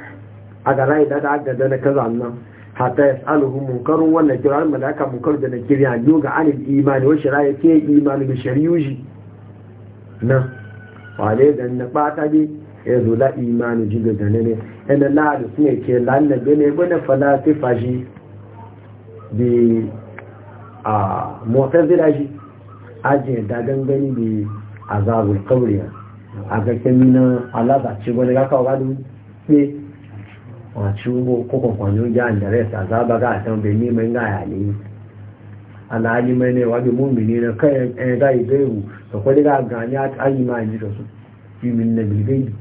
aga rai da da da na kaza nan hatta yas'aluhu munkarun wannan kiran malaka munkar da na kirya yoga anil imani wa shari'a ke imani bi shari'uji nan wale da na bata bi ya zo la imani ji da gane ne la da sun ya ke lalla bene bane falasifa faji bi a motar zira ajiye da gangani bi a zagun kauriya a gaske mina alaza ci wani ga kawo gado ne a ci ugbo kokon kwanon jihar da res a zaba ga a can bai neman gaya ne alhali mai ne wabi mummini na kayan ɗaya eh, ga izai da kwalira gani a tsari ma ji da su fimin na bilgai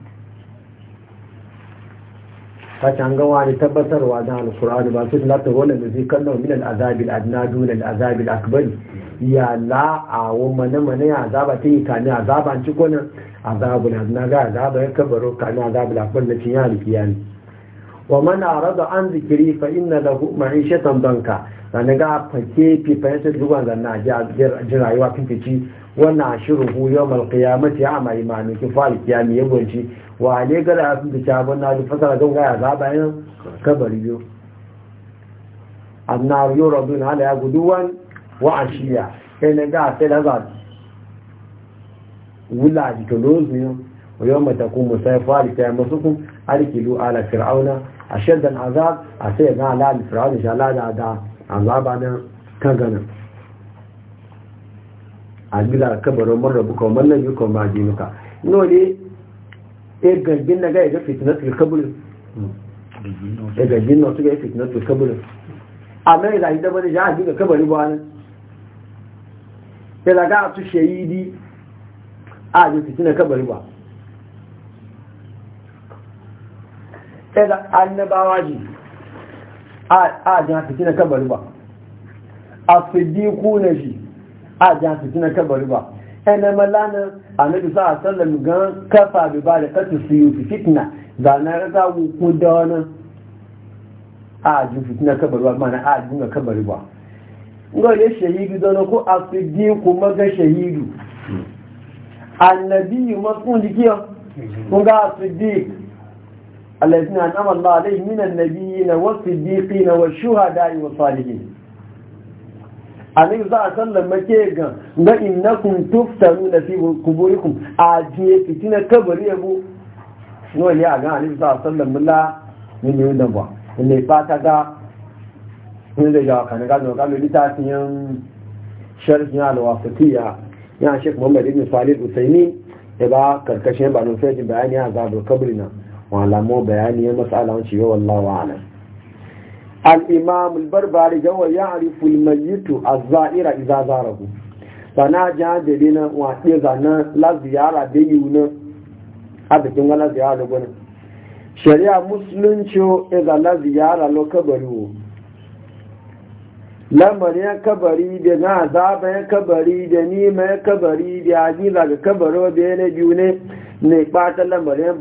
can gawa ne tabbatarwa da alkur'ani ba su lati wala da zai kallon min al'azabil adna dun al'azabil akbar ya la a wa mana mana ya azaba ta yi kani azaba an ci kwanan na, adna ga azaba ya kabaro kani azabul akbar na cin yari kiyani wa a arada an zikiri fa inna lahu ma'ishatan banka da na ga fake fi fa zuwa zanna a na ji rayuwa fifici wannan Ashiru, shirin ku yau mal kiyamati a mai imanin kifar kiyami ya gwanci wa ne gada ya sun dace abin na jufa a don gaya zaɓa yin kabari biyu annar naru yau rabin hada ya gudu wan wa a shiya kai na ga sai da zaɓi wula a jikin rozin yau mai takun musayi fari kayan masu kun alkilu ala fir'auna a shaddan azab a sai ga halali fir'auna shalada da azaba na kaganin albila kabarin marar buka mallan yi kuma majinuka no ne e gangin na gaya ga fitnatul kabul e gangin na suka yi fitnatul kabarin a mai da ita bane ja a kabari ba nan ya e daga su shahidi a yi fitna kabari ba ya e da annabawa ji a jan fitina kabari ba a fiddi kuna shi a jan fitina kabari ba ene malana annabi sa sallam gan kafa bi ba da su yi fitna da na raga ku da wani a jin fitina kabari ba mana a jin kabari ba ngo ne shahidu don ko afidi ku maga shahidu annabi ma kun dikiyo kun ga afidi alladhina anama Allah alayhi min an-nabiyyin na siddiqin shuhada yi wasu salihin anin za a sallar make ga inna kun tuftaru na fi kuburikum a jiye fitina kabari ya bu. ne a gan anin za a sallar mula ne ne da ba ne fata ga ne da ya kan ga no ga litafiyan sharhin alwasitiya ya Sheikh Muhammad ibn Salih Usaini ya ba karkashin ba nufajin sai bayani a zabu kabrina wa alamu bayani ya matsala wancin wallawa wallahu a'lam الإمام albarbari gawa ya الميت mayitu a زاره iza جاء sana jajiri na waɗe zanen laziyara da yiwu na arzikin wani ziyara gwani shari'a musulunci iza laziyara lo kabari wo lamarin kabari da na كبري ya kabari da nima ya kabari da biyu ne ne ɓata lamarin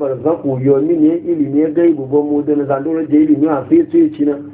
yomi ne ilimi ne gaibu ba mu da na zandorar da ilimi a sai su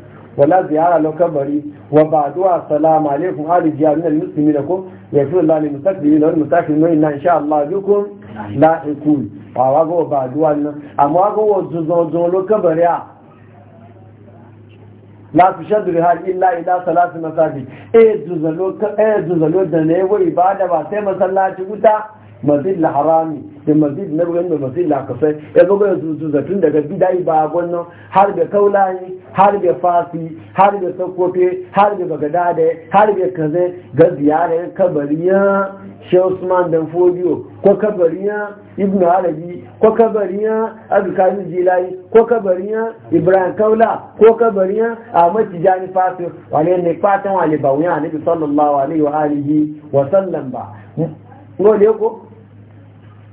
wala ziyara lau kabari wa ba duwa salama alaikum ali jiya min almuslimi da ku ya fi lalani musafiri da wani musafiri mai na insha Allah dukun la ikun ba wa ga ba duwa nan amma wa ga wasu zonzon lau kabari a la fi shaddu rihal illa ila salatu e eh zuzalo da ne wa ibada ba sai masallaci wuta Mazid al-harami da mazid na bugan da mazid al-aqsa ya buga da su zatun daga bidai ba gwanno har da kaulani har da fasi har da sokofe har da bagadade har da kaze ga ziyarar kabariya shehu Usman dan Fodio ko kabariya Ibn Arabi ko kabariya Abdulkarim jilai ko kabariya Ibrahim Kaula ko kabariya Ahmad Tijani Fasi wale ne fatan wale bawuya ne sallallahu alaihi wa alihi wa sallam ba ngole ko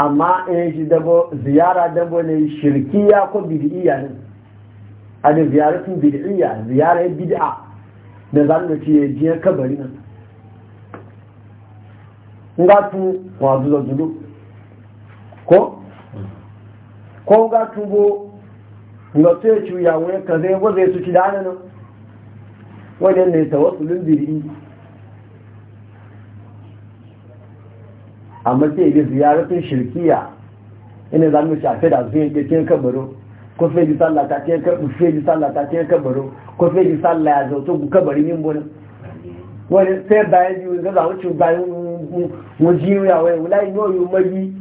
amma in shi dabo ziyara dabo ne shirkiya ko bid'iyya ne ziyara tun bid'iyya ziyara bid'a da zan da ce jiya kabari nan nga tu wa duzo dudu ko ko ga tu bo nga ce ci ya wani kaze bo zai su ci dana nan wajen ne tawassulin bid'i a sai da ziyaratun shirkiya ina za mu shafe da su ke cikin kabaro ko fe ji sallah ta cikin kabaro fe ji sallah ta cikin kabaro ko fe ji sallah ya zauto ku kabari yin bunin wani sai bayan yi ga za mu ci bayan mu ji ya wai wala yi yo yo mai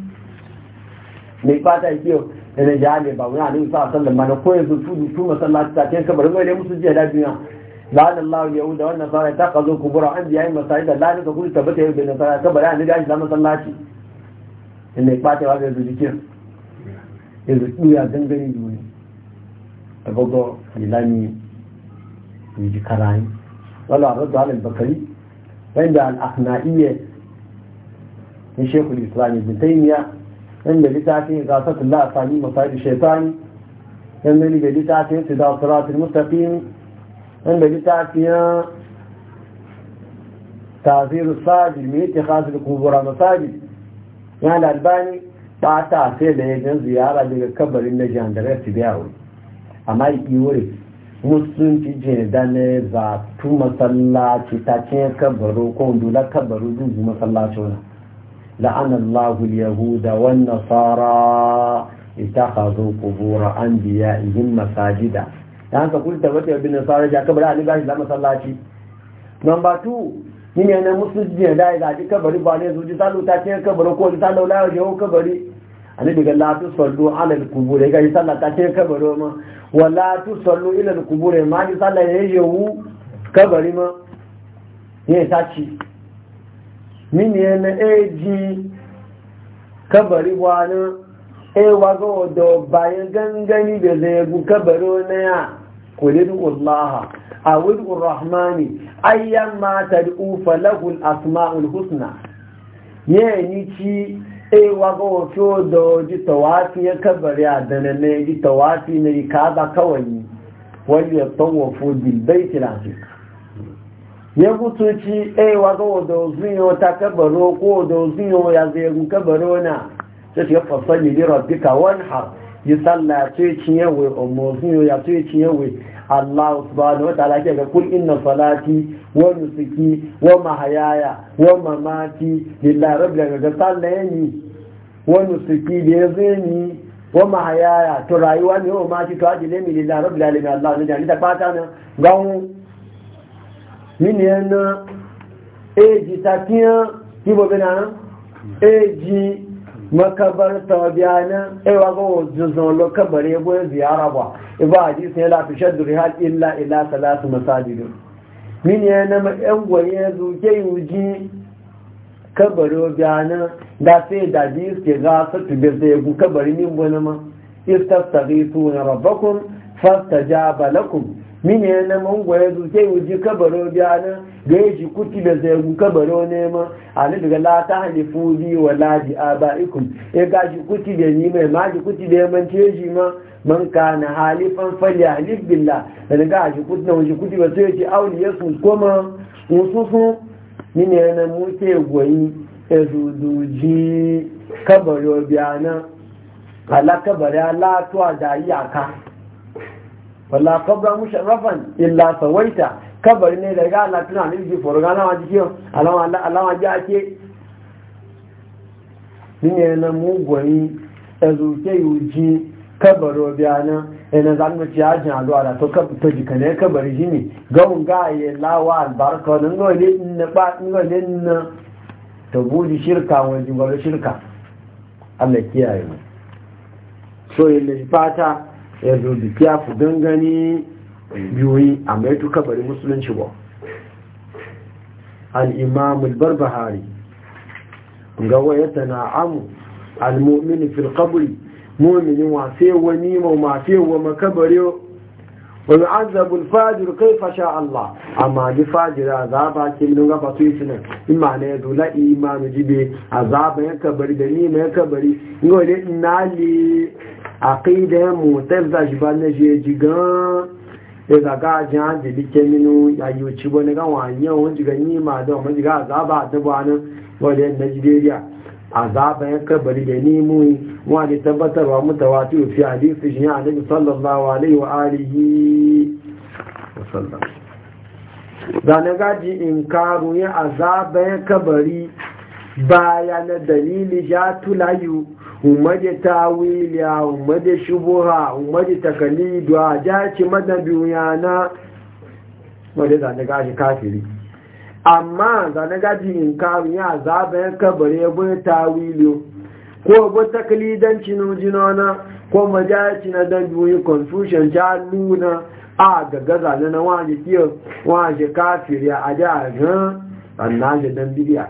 ne fata yake da ja ne ba wani a ne sa sallan ma na ko yanzu su su masallaci ta cikin kabaro mai ne musu jiya da duniya لعن الله اليهود والنصارى اتخذوا قبور انبياء مساجد لا تقول ثبت يهود النصارى كبر يعني جاي لا مسلاتي اللي باتي واجه الذكر يذكر يا دنگري دوي ابغى يلاني يجي كراي ولا رد على البكري عند الاخنائيه من شيخ الاسلام ابن تيميه عند لتاتي غاثه الله ثاني مساجد الشيطان عند لتاتي سداد صراط المستقيم عندما تعطيان تعذير الصاجر من اتخاذ القبور المصاجر يعني الألباني تعطى سيدة يجن زيارة لكبر النجي عند غير تبعوه أما يقولي مسلم في جندان ذاتو مسلا تتاكين كبرو كوندولا كبرو دوز مسلا تونا لأن الله اليهود والنصارى اتخذوا قبور أنبيائهم مساجداً da haka kun tabbata bin nasara ja kabari ali gashi da masallaci number 2 yin ne musulmi da ya gaji kabari ba ne zuji salu ta ce kabari ko ta laula ya je kabari ani daga la tu sallu ala al qubur ga yi sallah ta ce kabari ma wala tu sallu ila al qubur ma ji sallah ya je wu kabari ma ne ta ci min ne na eji kabari ne ewa ga odo bayan gangani da zai gu kabaro na ya kulin Allah a wurin rahmani ayyan mata da ufa lahul asma'ul husna yẹ́ ni ci ewa ga wato da ji tawafi ya kabari a dana na yi tawafi na yi ba kawai wani ya tawafo bilbai tilafi ya ci ewa ga wada zuyo ta kabaro ko da zuyo ya zai kabaro na ta ce fasali ne ka wani har yi sallah ya ce cinye wa umarsu ya ce cinye wai Allah subhanahu wa ta'ala ke ga kul inna salati wa nusuki wa mahayaya wa mamati lillahi rabbil alamin ga sallah ni wa nusuki da yazini wa mahayaya to rayuwa ne wa mati to ajile mi lillahi rabbil alamin Allah ne jani da fata na gawo mini yana eji takiyan kibo bena eji makabar bayanan ewa eh, ga wajen zaune kabari ziyara ba iba a jisun yana fi shaddu rihal illa ila salatu masajidu min ya na yan gwaye zuke yuji kabari bayanan da sai da jisun ke za su tube zai gu kabari min gwanama ma istastaghitu na rabbakum fastajaba mini yana mungu ya zuke wuji kabaro biya nan ga ya ji kuti da zai gu kabaro nema a ni daga lata halifu bi wa laji a ba'ikun ya e ga shi kuti da ni mai ma ji kuti da ya mance shi ma man ka na halifan fali halif billa da daga shi kuti na wuji kuti ba sai ya ce auli ya sun koma mususu mini yana muke goyi ya e zuzuji kabaro biya nan ala kabari ala da iyaka wala kabra musharrafan illa sawaita kabari ne daga Allah tana ne ji foroga na waji alama Allah alama ji ake ni ne na mu mugwani azuke yuji kabaro biyana ina zan mu ji ajin alwa da to ka to jika ne kabari jini gawun ga ya lawa albarka nan go ne na ba ngo ne na to buji shirka wani gwalo shirka Allah kiyaye mu so yin fata ya zo da don gani biyoyi a mai tuka bari musulunci ba al'imamu barbahari ga waya tana amu mumini fil qabri mu'minin wafe wa nima mafe wa makabari wa yu'azzabu fajir kai fasha Allah amma ji fajira azaba ce min ga ba su yi sunan ya ne dole imanu jibe azaba ya kabari da nima ya kabari na le. aqida mu'tazila jibanne je jigan daga gajiya da dike minu yayoci wani gawa yau wani jiga nima da wani jiga azaba da wani wani najeriya azaba ya kabari da nemo wani tabbatarwa mutawatu fi hadisi shi ya annabi sallallahu alaihi wa alihi wa sallam da na gaji in karu ya azaba ya kabari baya na dalili ya tulayu umaje tawiliya umaje shubuha umaje takalidu a jaci madabi yana wadda zane gashi kafiri amma zane gashi in kawo ya zaben ya bin tawiliyo ko bin takalidanci na jinona ko majaci na dabiyu confusion ja nuna a gaga zane na waje kiyo waje kafiri a jihar annan shi dan bidiyar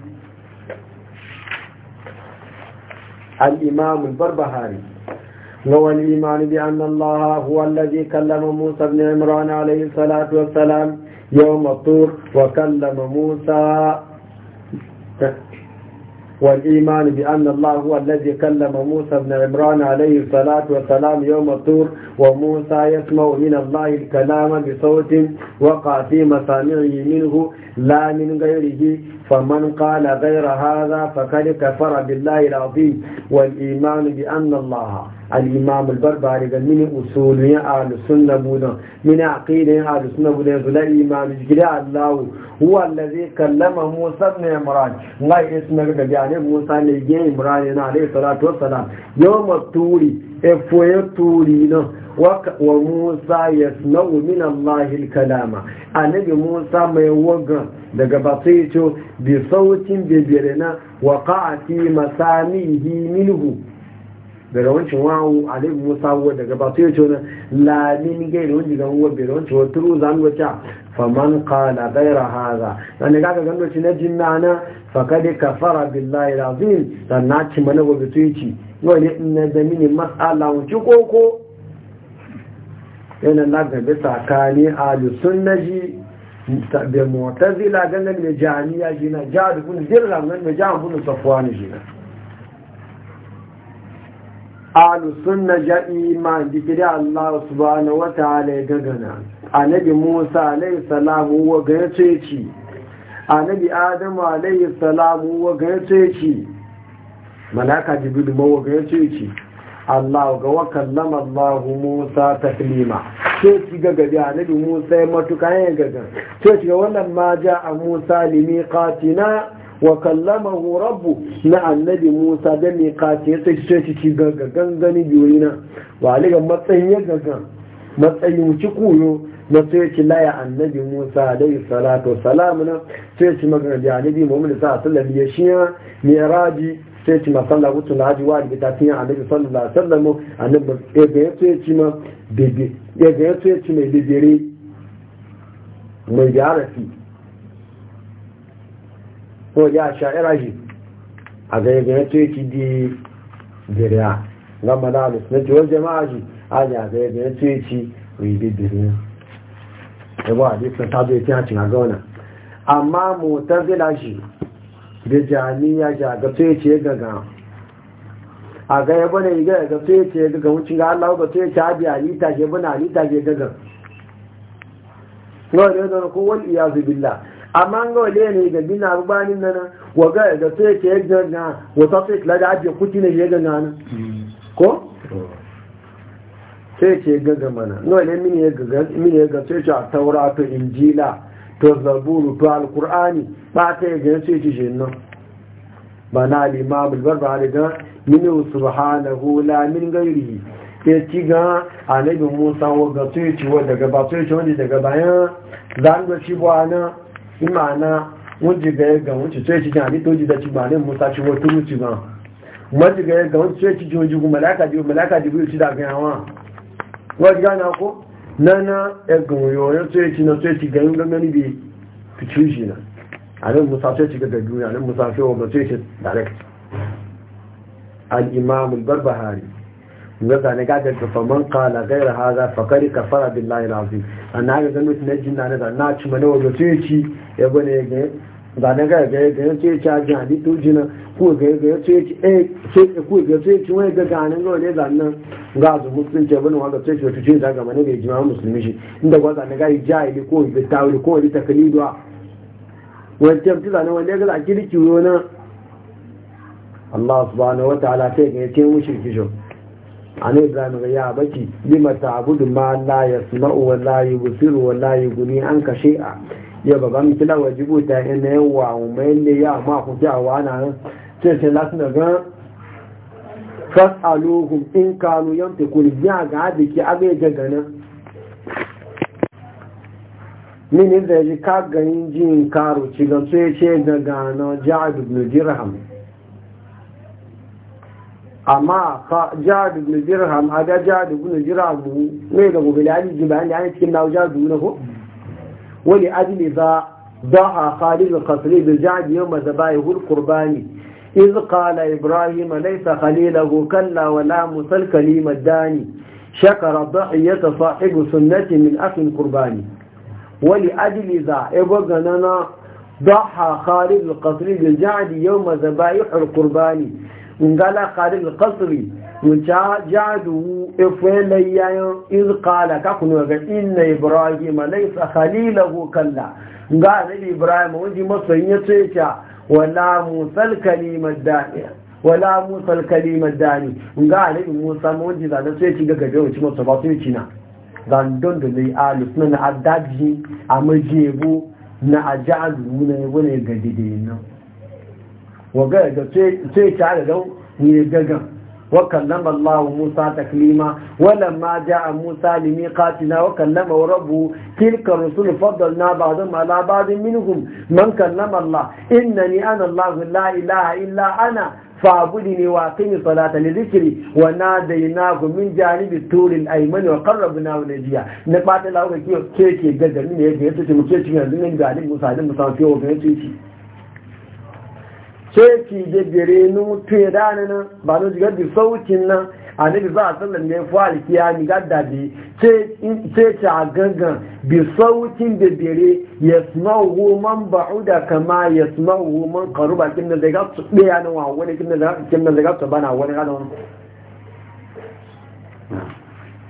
الإمام البربهاري وهو الإيمان بأن الله هو الذي كلم موسى بن عمران عليه الصلاة والسلام يوم الطور وكلم موسى والإيمان بأن الله هو الذي كلم موسى بن عمران عليه الصلاة والسلام يوم الطور وموسى يسمع من الله الكلام بصوت وقع في مسامعه منه لا من غيره فمن قال غير هذا فقد كفر بالله العظيم والإيمان بأن الله الإمام البربري قال من أصول أهل السنة بودا من عقيدة أهل السنة بودا يقول الإمام جل الله هو الذي كلم موسى بن عمران الله اسمه قال يعني موسى نجي عمران عليه الصلاة والسلام يوم التوري إفوي تورينا وموسى يسمع من الله الكلام النبي موسى ما يوقع daga basaito bi sautin bibirina wa qa'ati masamihi minhu daga wancin wawo alif musa wa daga ba su yi wannan la min da wani ga wabbe da wancin wata turu zan wata faman qala ghaira hadha dan ga ga gando na na jinnana faqad kafara billahi razin dan na ci mana su yi ci wani na zamini matsala wuce koko yana na gabe tsakani na ji da mu'tazila gangan mai jami'a jina jadu kun jirgin ganin mai jami'a safuwa safwani jina ahlu sunna ja'i ma dikiri Allah subhanahu wa ta'ala ya gagana annabi Musa alayhi salamu wa gace ci annabi Adam alayhi salamu wa gace ci malaka jibril ma wa gace ci Allah ga wa kallama Allah Musa taklima ce ci gagabi annabi Musa ya matuka ya gagana ce ci ga wannan ma ja'a Musa limiqatina wa kallama hu rabbu na annabi musa da mai kace ya sai ci ganga gangani biyoyi na wa aliga matsayin ya gaga matsayin ci koyo na sai ci laya annabi musa yi salatu salam na sai ci magana da annabi muhammad sallallahu alaihi shi ya shiya miraji sai ci masalla wutu na haji wani ta yi annabi sallallahu alaihi wasallam annabi ya ga ya sai ma ya ci mai bebere mai jarafi ko ya sha'ira shi a gaya yake di diriya gama na jiwar jama'a shi a ga gaya yake ribe diriya a jikin ta zai tiya cin agawana amma motar zila shi da jami'a aga a ga to yake gaga a ya bane ga ga to yake wucin ga Allah ba to yake abi alita ke bane da yadda na kowar billah amma ga wale ne ga gina rubanin nan wa ga ga sai ke ganga wa ta sai kula da aje kuti ne ya na nan ko sai ke gaga mana no ne mini ya gaga mini ya gaga sai ta tauratu injila to zaburu to alqur'ani ba ta ga sai ci shin nan ba na al-imam al-barba daga min subhanahu la min ghairihi ke ci ga annabi Musa wa ga sai ci daga ba sai ci wani daga bayan zan ga shi a nan. imana wunji ga ga ci ci ga malaka ji malaka ji ci da na ko nana egun yo yo sai ci na sai ci ga yun gangani bi fici shi na anan musa sai ci ga duniya anan musa sai wa ba يبقى أنا قاعد فمن قال غير هذا فقد كفر billahi alazim أنا عايز أقول لك نجينا أنا da na ci mana wajo ceci ya na ga ga ga ga ce ta ji hadi to jina ko ga ga ce ce eh ce ko ga ce ce wai ga ganin ga ne da nan ga zu su ce bane wanda ce ce ce daga mana ga jima musulmi shi inda ga gwa ne ga jahili ko ga tawli ko ga bi takalidwa wancan tuza ne wanda ga kirki wona Allah subhanahu wa ta'ala sai ga ce mushriki jo عن Ibrahim غيابك لما تعبد ما لا يسمع ولا يبصر ولا يغني عنك شيئا ya baba mi kila wajibu ta ina yawa umai ne ya ma ku ta wa na nan sai sai lati na ga fasaluhum in kanu yantiqul ya ga abiki gana min da jin karo ci ga sai ce ga gana ja'ad ibn dirham amma fa jadu ibn dirham aga jadu ibn dirham ne da gobe da jiban da ana cikin jadu ne ko wani ajli za خالد القصري بالجعد يوم ذبائه القرباني إذ قال إبراهيم ليس خليله كلا ولا مسل كليم الداني شكر ضحية صاحب سنة من أخ القرباني ولأجل ذا إبغننا ضحى خالد القصري بالجعد يوم ذبائح القرباني ngala qadil qasri mucha jadu efela yayo iz qala ka kunu ga inna ibrahim laysa khalilahu kalla ga nabi ibrahim wani masoyin ya ce ta wala musal kalimat da'i wala musal kalimat da'i ga nabi musa wani da ce ci ga gabe wani masoyin ba su ci dan don da dai alif na addaji a majebo na ajadu ne wani ga dide nan wagaga sai tare da mu ne gaga wa kallama Allah Musa taklima wala ma jaa Musa limiqatina wa kallama rabbu tilka rusul faddalna ba'da ma la ba'da minhum man kallama Allah innani la ilaha illa ana فاعبدني واقم صلاة لذكري وناديناه من جانب الطور الايمن وقربنا ونجيا نباتي لاوكي كيكي غدر ya يجي يتي موكي تشي غدر ني غادي موسى دم صافي او غيتي sai ki je gare nu tuye dana nan ba no jiga bi saukin nan a nabi za a sallar ne fa alkiya ni gadda bi ce sai a gangan bi saukin da suna yasma'u ba'u da kama ya suna yasma'u karu ba kin da ga su ɗaya na wa wani kin da kin da daga su bana wani kada wani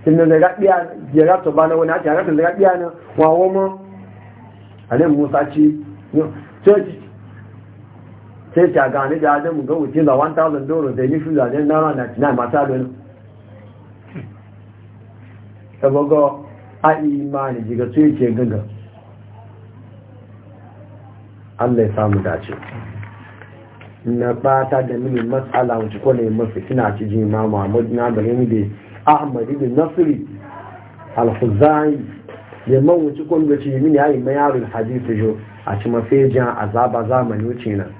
kin da ɗaya daya ga su bana wani aka daga daya nan wa wani annabi Musa ci sai ta gani da adam ga wuce da 1000 dollars da nishu da dan dara na tina mata don saboda a imani jiga sai ce gaga Allah ya samu dace na bata da mini matsala wuce ko ne mafi kina ci ji ma Muhammad na da ni da Ahmad ibn Nasri al da man wuce ko ne ci mini ayi mayarul hadisi jo a ci azaba zamani wuce nan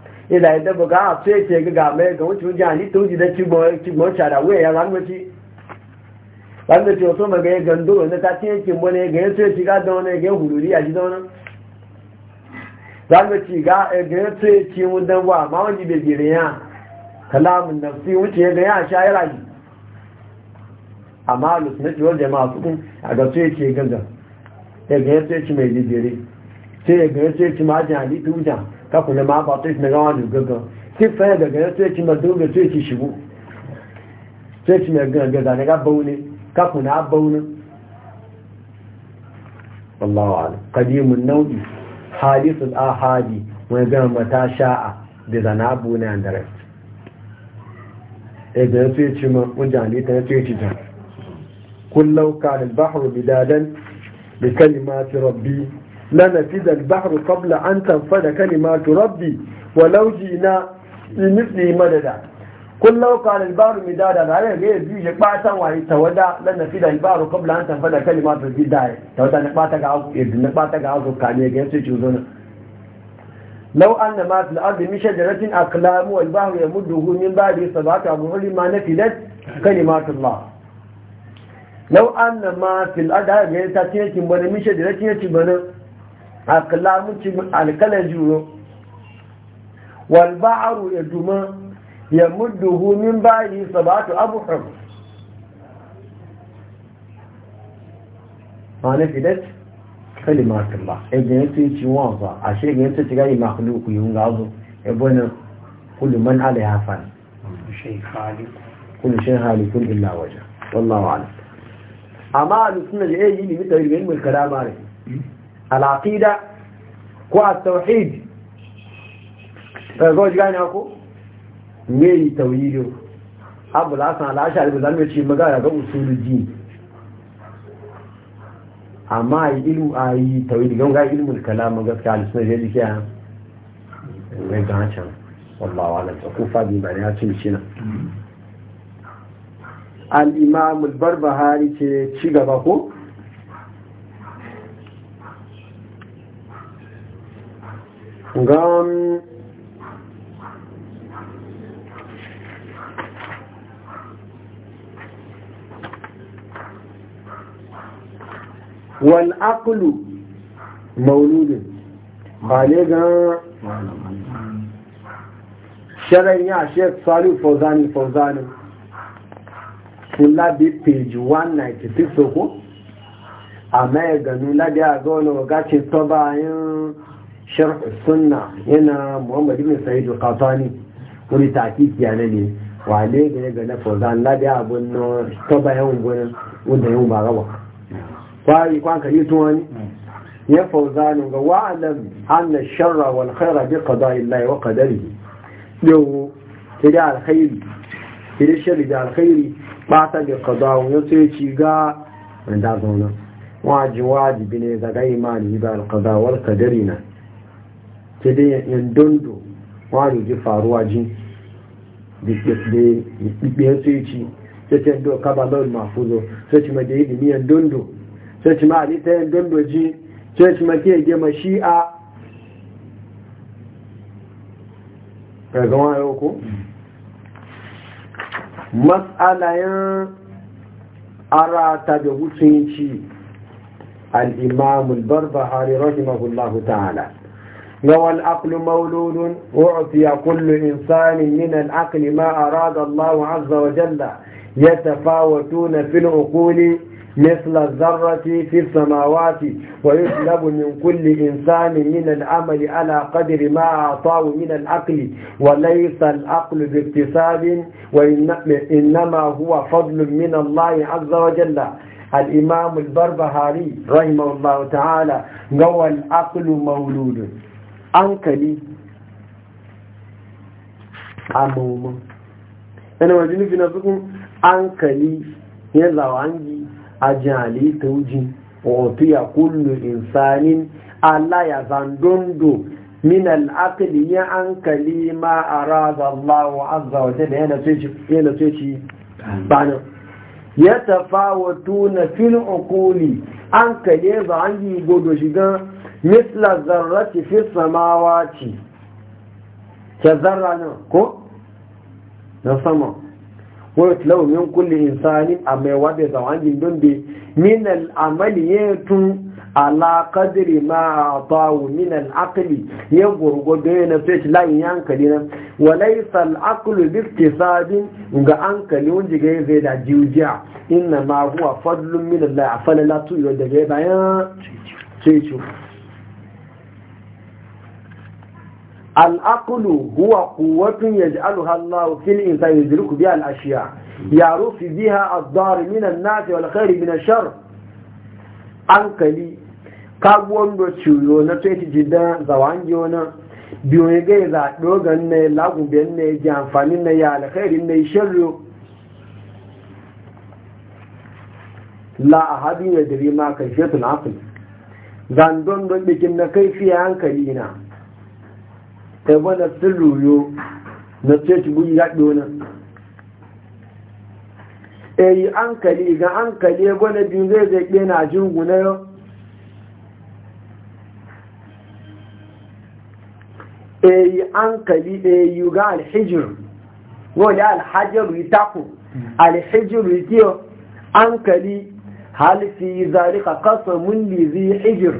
ila ita buga a sai ce ga game ga wuce wuce ani to ji da cigbon e ya zan wuce zan da ce wato maga ya gando wanda ta ce yankin wani ga a ji da wani zan da ci ga ga wa ma wani bai ya kalamun ya sha ya a ga sai kafin na ma'a ba na gawa da gaggan kifa ya daga ya tuyaci maduga tuyaci shigo tuyaci mai gaga zane ga bauni kafin na bauni wallahu ala kadimun nau'i hadisul ahadi wani gama mata sha'a da zana abu na yan dare ya gaya tuyaci ma mujani ta ya kullau kanin bahar bidadan bi kalimati rabbi لنفذ البحر قبل أن تنفذ كلمات ربي ولو جئنا لمثل مددا كل لو قال البحر مدادا عليه غير بيجي جباتا وهي تودا لنفذ البحر قبل أن تنفذ كلمات ربي داي تودا نقاتا غاو نقاتا غاو كاني غير تشوزون لو أن ما في الأرض من شجرة أقلام والبحر يمده من بعد سبعة أبحر ما نفدت كلمات الله لو أن ما في الأرض غير تاتيتي من شجرة تاتيتي akalamuci alkalar juro walba'aru ya duma ya mudduhu min bayi sabatu abuhar ma'ana fidat kalimatun ba ejiyar su ci wọn ba a shirya su ci gari ku yi hunga zo ebonin kuluman ala ya fani kullu shay halikun illa wajen wallawa ala amma a lusunan da ya yi ne mita yi mulkara rai? al'aqida ko at-tauhid goji gane ko me yi tauhidin abu lasan al'ashari bazan mai ce magana ga usulul din amma yi ilmu a yi tauhidi ga ga ilmul kalam gaskiya al-sunnah da yake ya ne ga can wallahi wala tsakufa bi bani ya ce shi na al-imam al-barbahari ce ci gaba ko gan um, wal'akulu mauludin ba ne gan shirin ya sheik salu fauzani fauzani kula bi page 196 oko a mai ganu labi a ga wani wagacin to bayan شرح السنة هنا محمد بن سعيد القطاني ولي تأكيد يعني لي وعليه جنة جنة فوزان لا بيع بنا طبع يوم بنا وده يوم بغوا فأي كان كيتواني يا فوزان واعلم أن الشر والخير بقضاء الله وقدره لو تدع الخير تدع الشر تدع الخير بعد بقضاء ويصير شيئا من دعونا واجب واجب بني زكاة إيمان يبقى القضاء والقدرنا sai dai yan dondo wani ji faruwa ji da ɗiɓɓiyar su ci sai ta yadda kaba lawal mafuzo sai ci ma da ilimi yan dondo sai ci ma alita yan dondo ji sai ci ma ke ma shi'a daga wani yau ko matsalayen ta da wucin ci al-imamul barbahari rahimahullahu ta'ala لو العقل مولود أعطي كل إنسان من العقل ما أراد الله عز وجل يتفاوتون في العقول مثل الذرة في السماوات ويطلب من كل إنسان من العمل على قدر ما أعطاه من العقل وليس العقل باكتساب وإنما هو فضل من الله عز وجل الإمام البربهاري رحمه الله تعالى نوى العقل مولود ankali a noman yana wajen nufi na sukun ankali ya zawangi a jihali ta wuji wato ya kullu insanin allah ya zandondo min al'akali ya ankali ma a raza lawa azza wa da yana ce shi banan ya tafawatu na fil ukuli an kale ba an yi godo shiga misla zarrati fi samawati ke zarra nan ko na sama wani tilau kulle kulli insani a mai wabe zawon don bai? min al'amali ya tun ala kadiri ma atahu min al ya gurgudu yana fice layin hankali nan walaysa al akulu bifte sabin ga hankali wanda ga zai da jiujiya inna ma huwa fadlun min Allah a la latu yau da bayan cece al al'akulu huwa quwwatun yaj'aluha Allah fil insani yudriku biha al-ashya ya biha ad-dar min an-nas wal khair min ash-shar hankali kaguwan da ciwo na tsaye jida zawangi wani biyu ya gai za dogon na lagubiyan na ya ji amfani na ya alkhairin na ya shiryo la a hadu ya dare ma ka shi tun afin zandon don bikin na kai fiye hankali na ta wani sun ruyo na tsaye buyi ya ɗonan e hankali ga hankali ya gwada biyu zai zai ɗena jingu na yau eyi ankali eyi ga alhijiru wani alhajiru yi taku hmm. alhijiru yi kiyo ankali halifi zalika kasa mun lizi hijir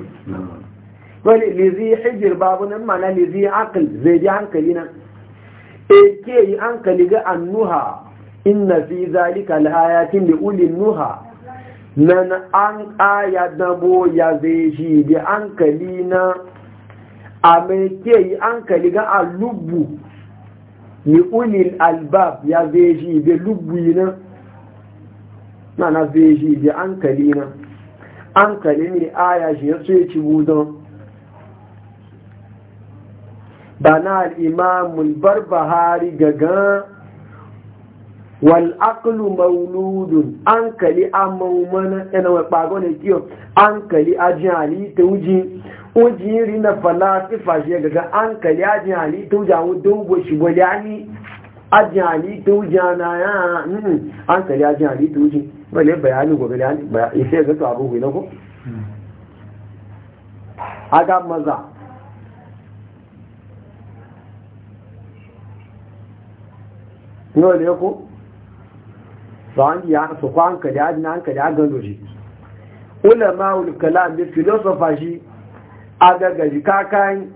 wani hmm. lizi hijir babu nan mana lizi akal zai ji hankali nan eke yi hankali ga annuha inna fi zalika alhayatin da ulin nuha nan an aya dabo ya zai shi da hankali na a mai ke yi an kaliga a lubu ni unil albab ya veji be lubu na mana veji be an kali na an kali ne aya shi ya so ya ci budon bana al'imamul barbahari gaga wal aqlu mauludun an kali a maumana yana wa ɓago kiyo an kali a jihali ta wujin ujiri na falasi fashe gaga an kali ajin halittu jawo dogo shi gwani ajin halittu jana ya an kali ajin halittu ji bale bayani gobe da ise ga to abu gwina ko hmm. aga maza wale ko ba ya su an kali na an kali gano shi ulama ul kalam bi filosofa shi a gaggaji kakan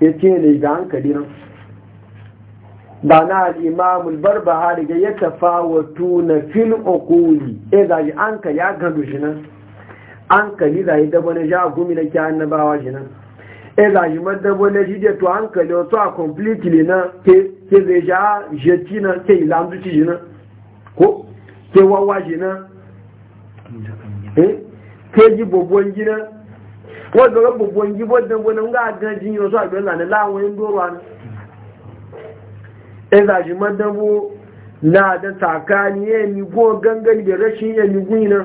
ya ce ne ga hankali nan ba na al'imamul barbahari ga ya tafawatu na fil okuli e zaji ka ya gado shi nan hankali zai dabo na ja gumi na kyan na bawa shi nan e zaji madabo na jide to hankali wato a completely na ke zai ja jeti na ke ilamzuci shi nan ko ke wawa shi nan eh, ke ji bobon gina wọ́n lọ́rọ̀ gbogbo ń yíwọ́ dẹ́gbọ́n ní ńgá gan jí yóò sọ àgbẹ̀ láwọn ń dóró àná ẹ̀zà jì mọ́ dẹ́gbọ́ náà da tsakani ya yi gangan da rashin ya yi na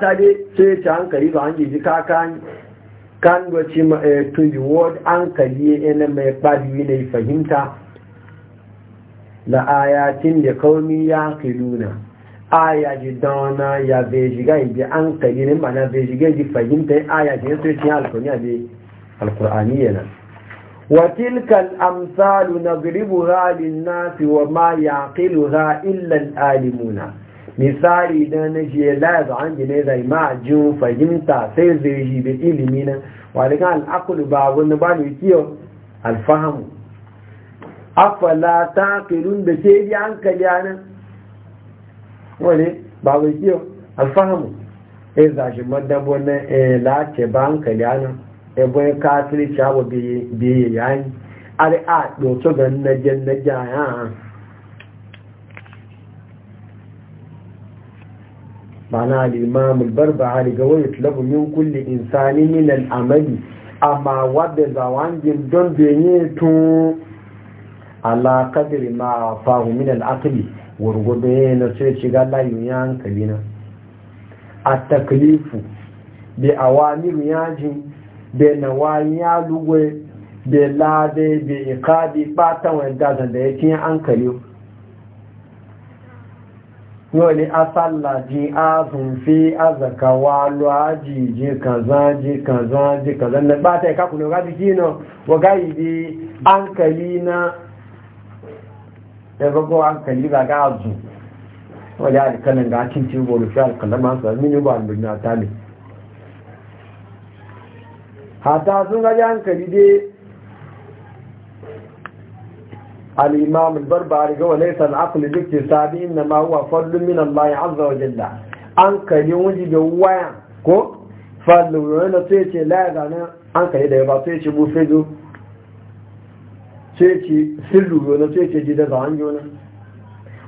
ta dai sai ta hankali ba an jiji kakan kan hankali mai kwabi na fahimta la ayatin da kaumi ya hankali aya ji dauna ya vejiga bi an kari mana vejiga ji fahimta aya ji yato cin alkurniya bi alkur'aniya nan watilkal amsalu na gribu halin nasi wa ma ya kilu ha illan alimuna misali da na je laiza an ji ne zai ma ji fahimta sai zai ji da ilimi nan wani kan ba wani ba ne kiyo alfahamu afala ta kilun da ke yi an kari wani ba mai kiyo alfahamu e zashi madabo na e ba hankali anan e bai katiri shawo biye yayi ari a doto ga najen najen معنى الإمام البربعي قوي يطلب من كل إنسان من العمل أما على قدر ما من العقل gwargwado ya na sai shiga yi ya hankali na a taklifu da awamiru yajin da wani ya lugwe da labe da ikabi fata wani dazan da ya tiye hankali yau ne a tsallaji azun fi azaka walu ajiji kaza ji kaza ji kaza na ba ta yi kakunan gaji kino wa gaji hankali na da gogo an kali ba ga azu wala da kanin ga cin cin bolu fi alqalama sa min yi ba an bin ta ne hata sun ga an kali dai al imam al barbari ga wala al aql dikki sabi inna ma huwa fadl min allah azza wa jalla an kali wuji da waya ko fadl wala sai ce la ga an kali da ba sai ce bu sai sai ce sirru yana sai ce jida za an yana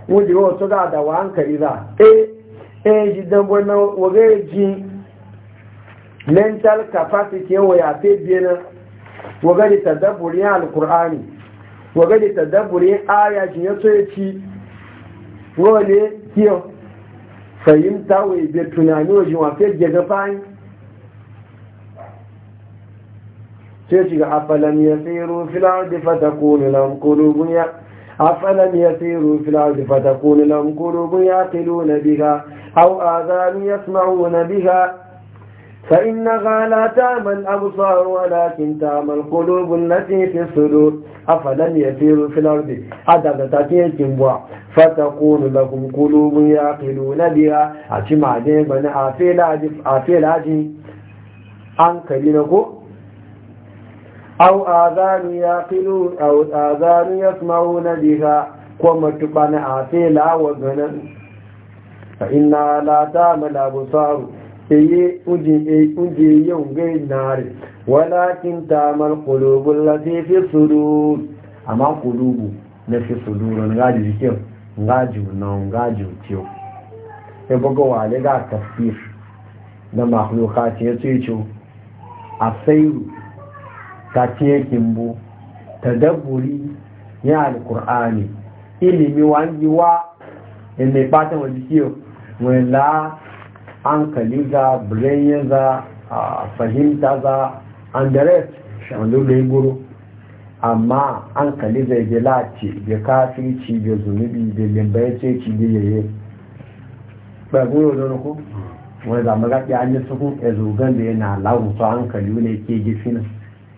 wanda yawa su ga da wa hankali za eh eh jidan wani wage ji mental capacity yawa ya fi biyanar wage da tadabburin alkur'ani wage da tadabburin aya shi ya so ya ci Wani kiyo fahimta wai bai tunani wajen wa fi gaga fahimta sai ci ga ya tsiru filardi fata kone lamkuru ya tsiru filardi fata kone lamkuru gunya filo na biga hau a zami ya smahu na biga fa’in na gala ta man abusawar walakin ta malkolo bin na tefe suru a falon ya fero filar da ta fiye kin buwa fata kunu ya filo na biya a cima ne bane a fela ji an kari na ko أو آذان يأكلون أو آذان يسمعون بها كما تبنى آتيلا وغنى فإنها لا تعمل أبصار إيه أجي يوم غير نار ولكن تعمل قلوب التي في الصدور أما قلوب نفي الصدور نغاجي جيو نغاجي ونو نغاجي وكيو يبقوا عليك التفسير na makhlukat ya ce kace kimbo tadabburi ya Alƙur'ani. ilimi wa, wanjiwa ne fatan wani kiyo wala hankali za brain za fahimta za an direct shanu da guru amma hankali zai je lati da ci, da zunubi da limbaye ce ci da hmm. yaye ba yau da ko wani zama gaɗi an yi sukun ezogan da yana a hankali ya ke gifinan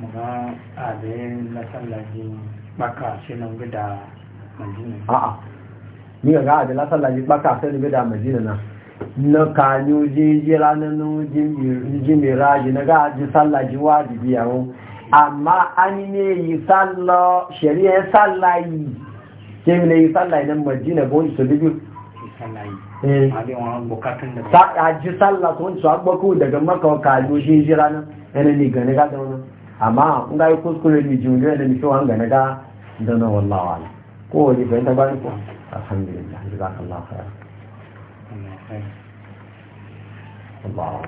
kuma abin masallaji baka sinan gida majina a'a ni ga abin masallaji baka sinan gida majina na na kanyu jijira na jimiraji na gaji sallaji wajibi yawon amma an ne yi sallo shari'a sallayi ke ne yi sallayi na majina ko su biyu sallayi eh. abin a ji sallah sun su agbako daga makawa kanyu jijira na yana ne gani gada wani 阿妈，我那过时过日的旧日的米酒，放在那个，你懂得我拿啊？过一回他把你过，他很厉害，你把他很厉害，很厉害，很忙。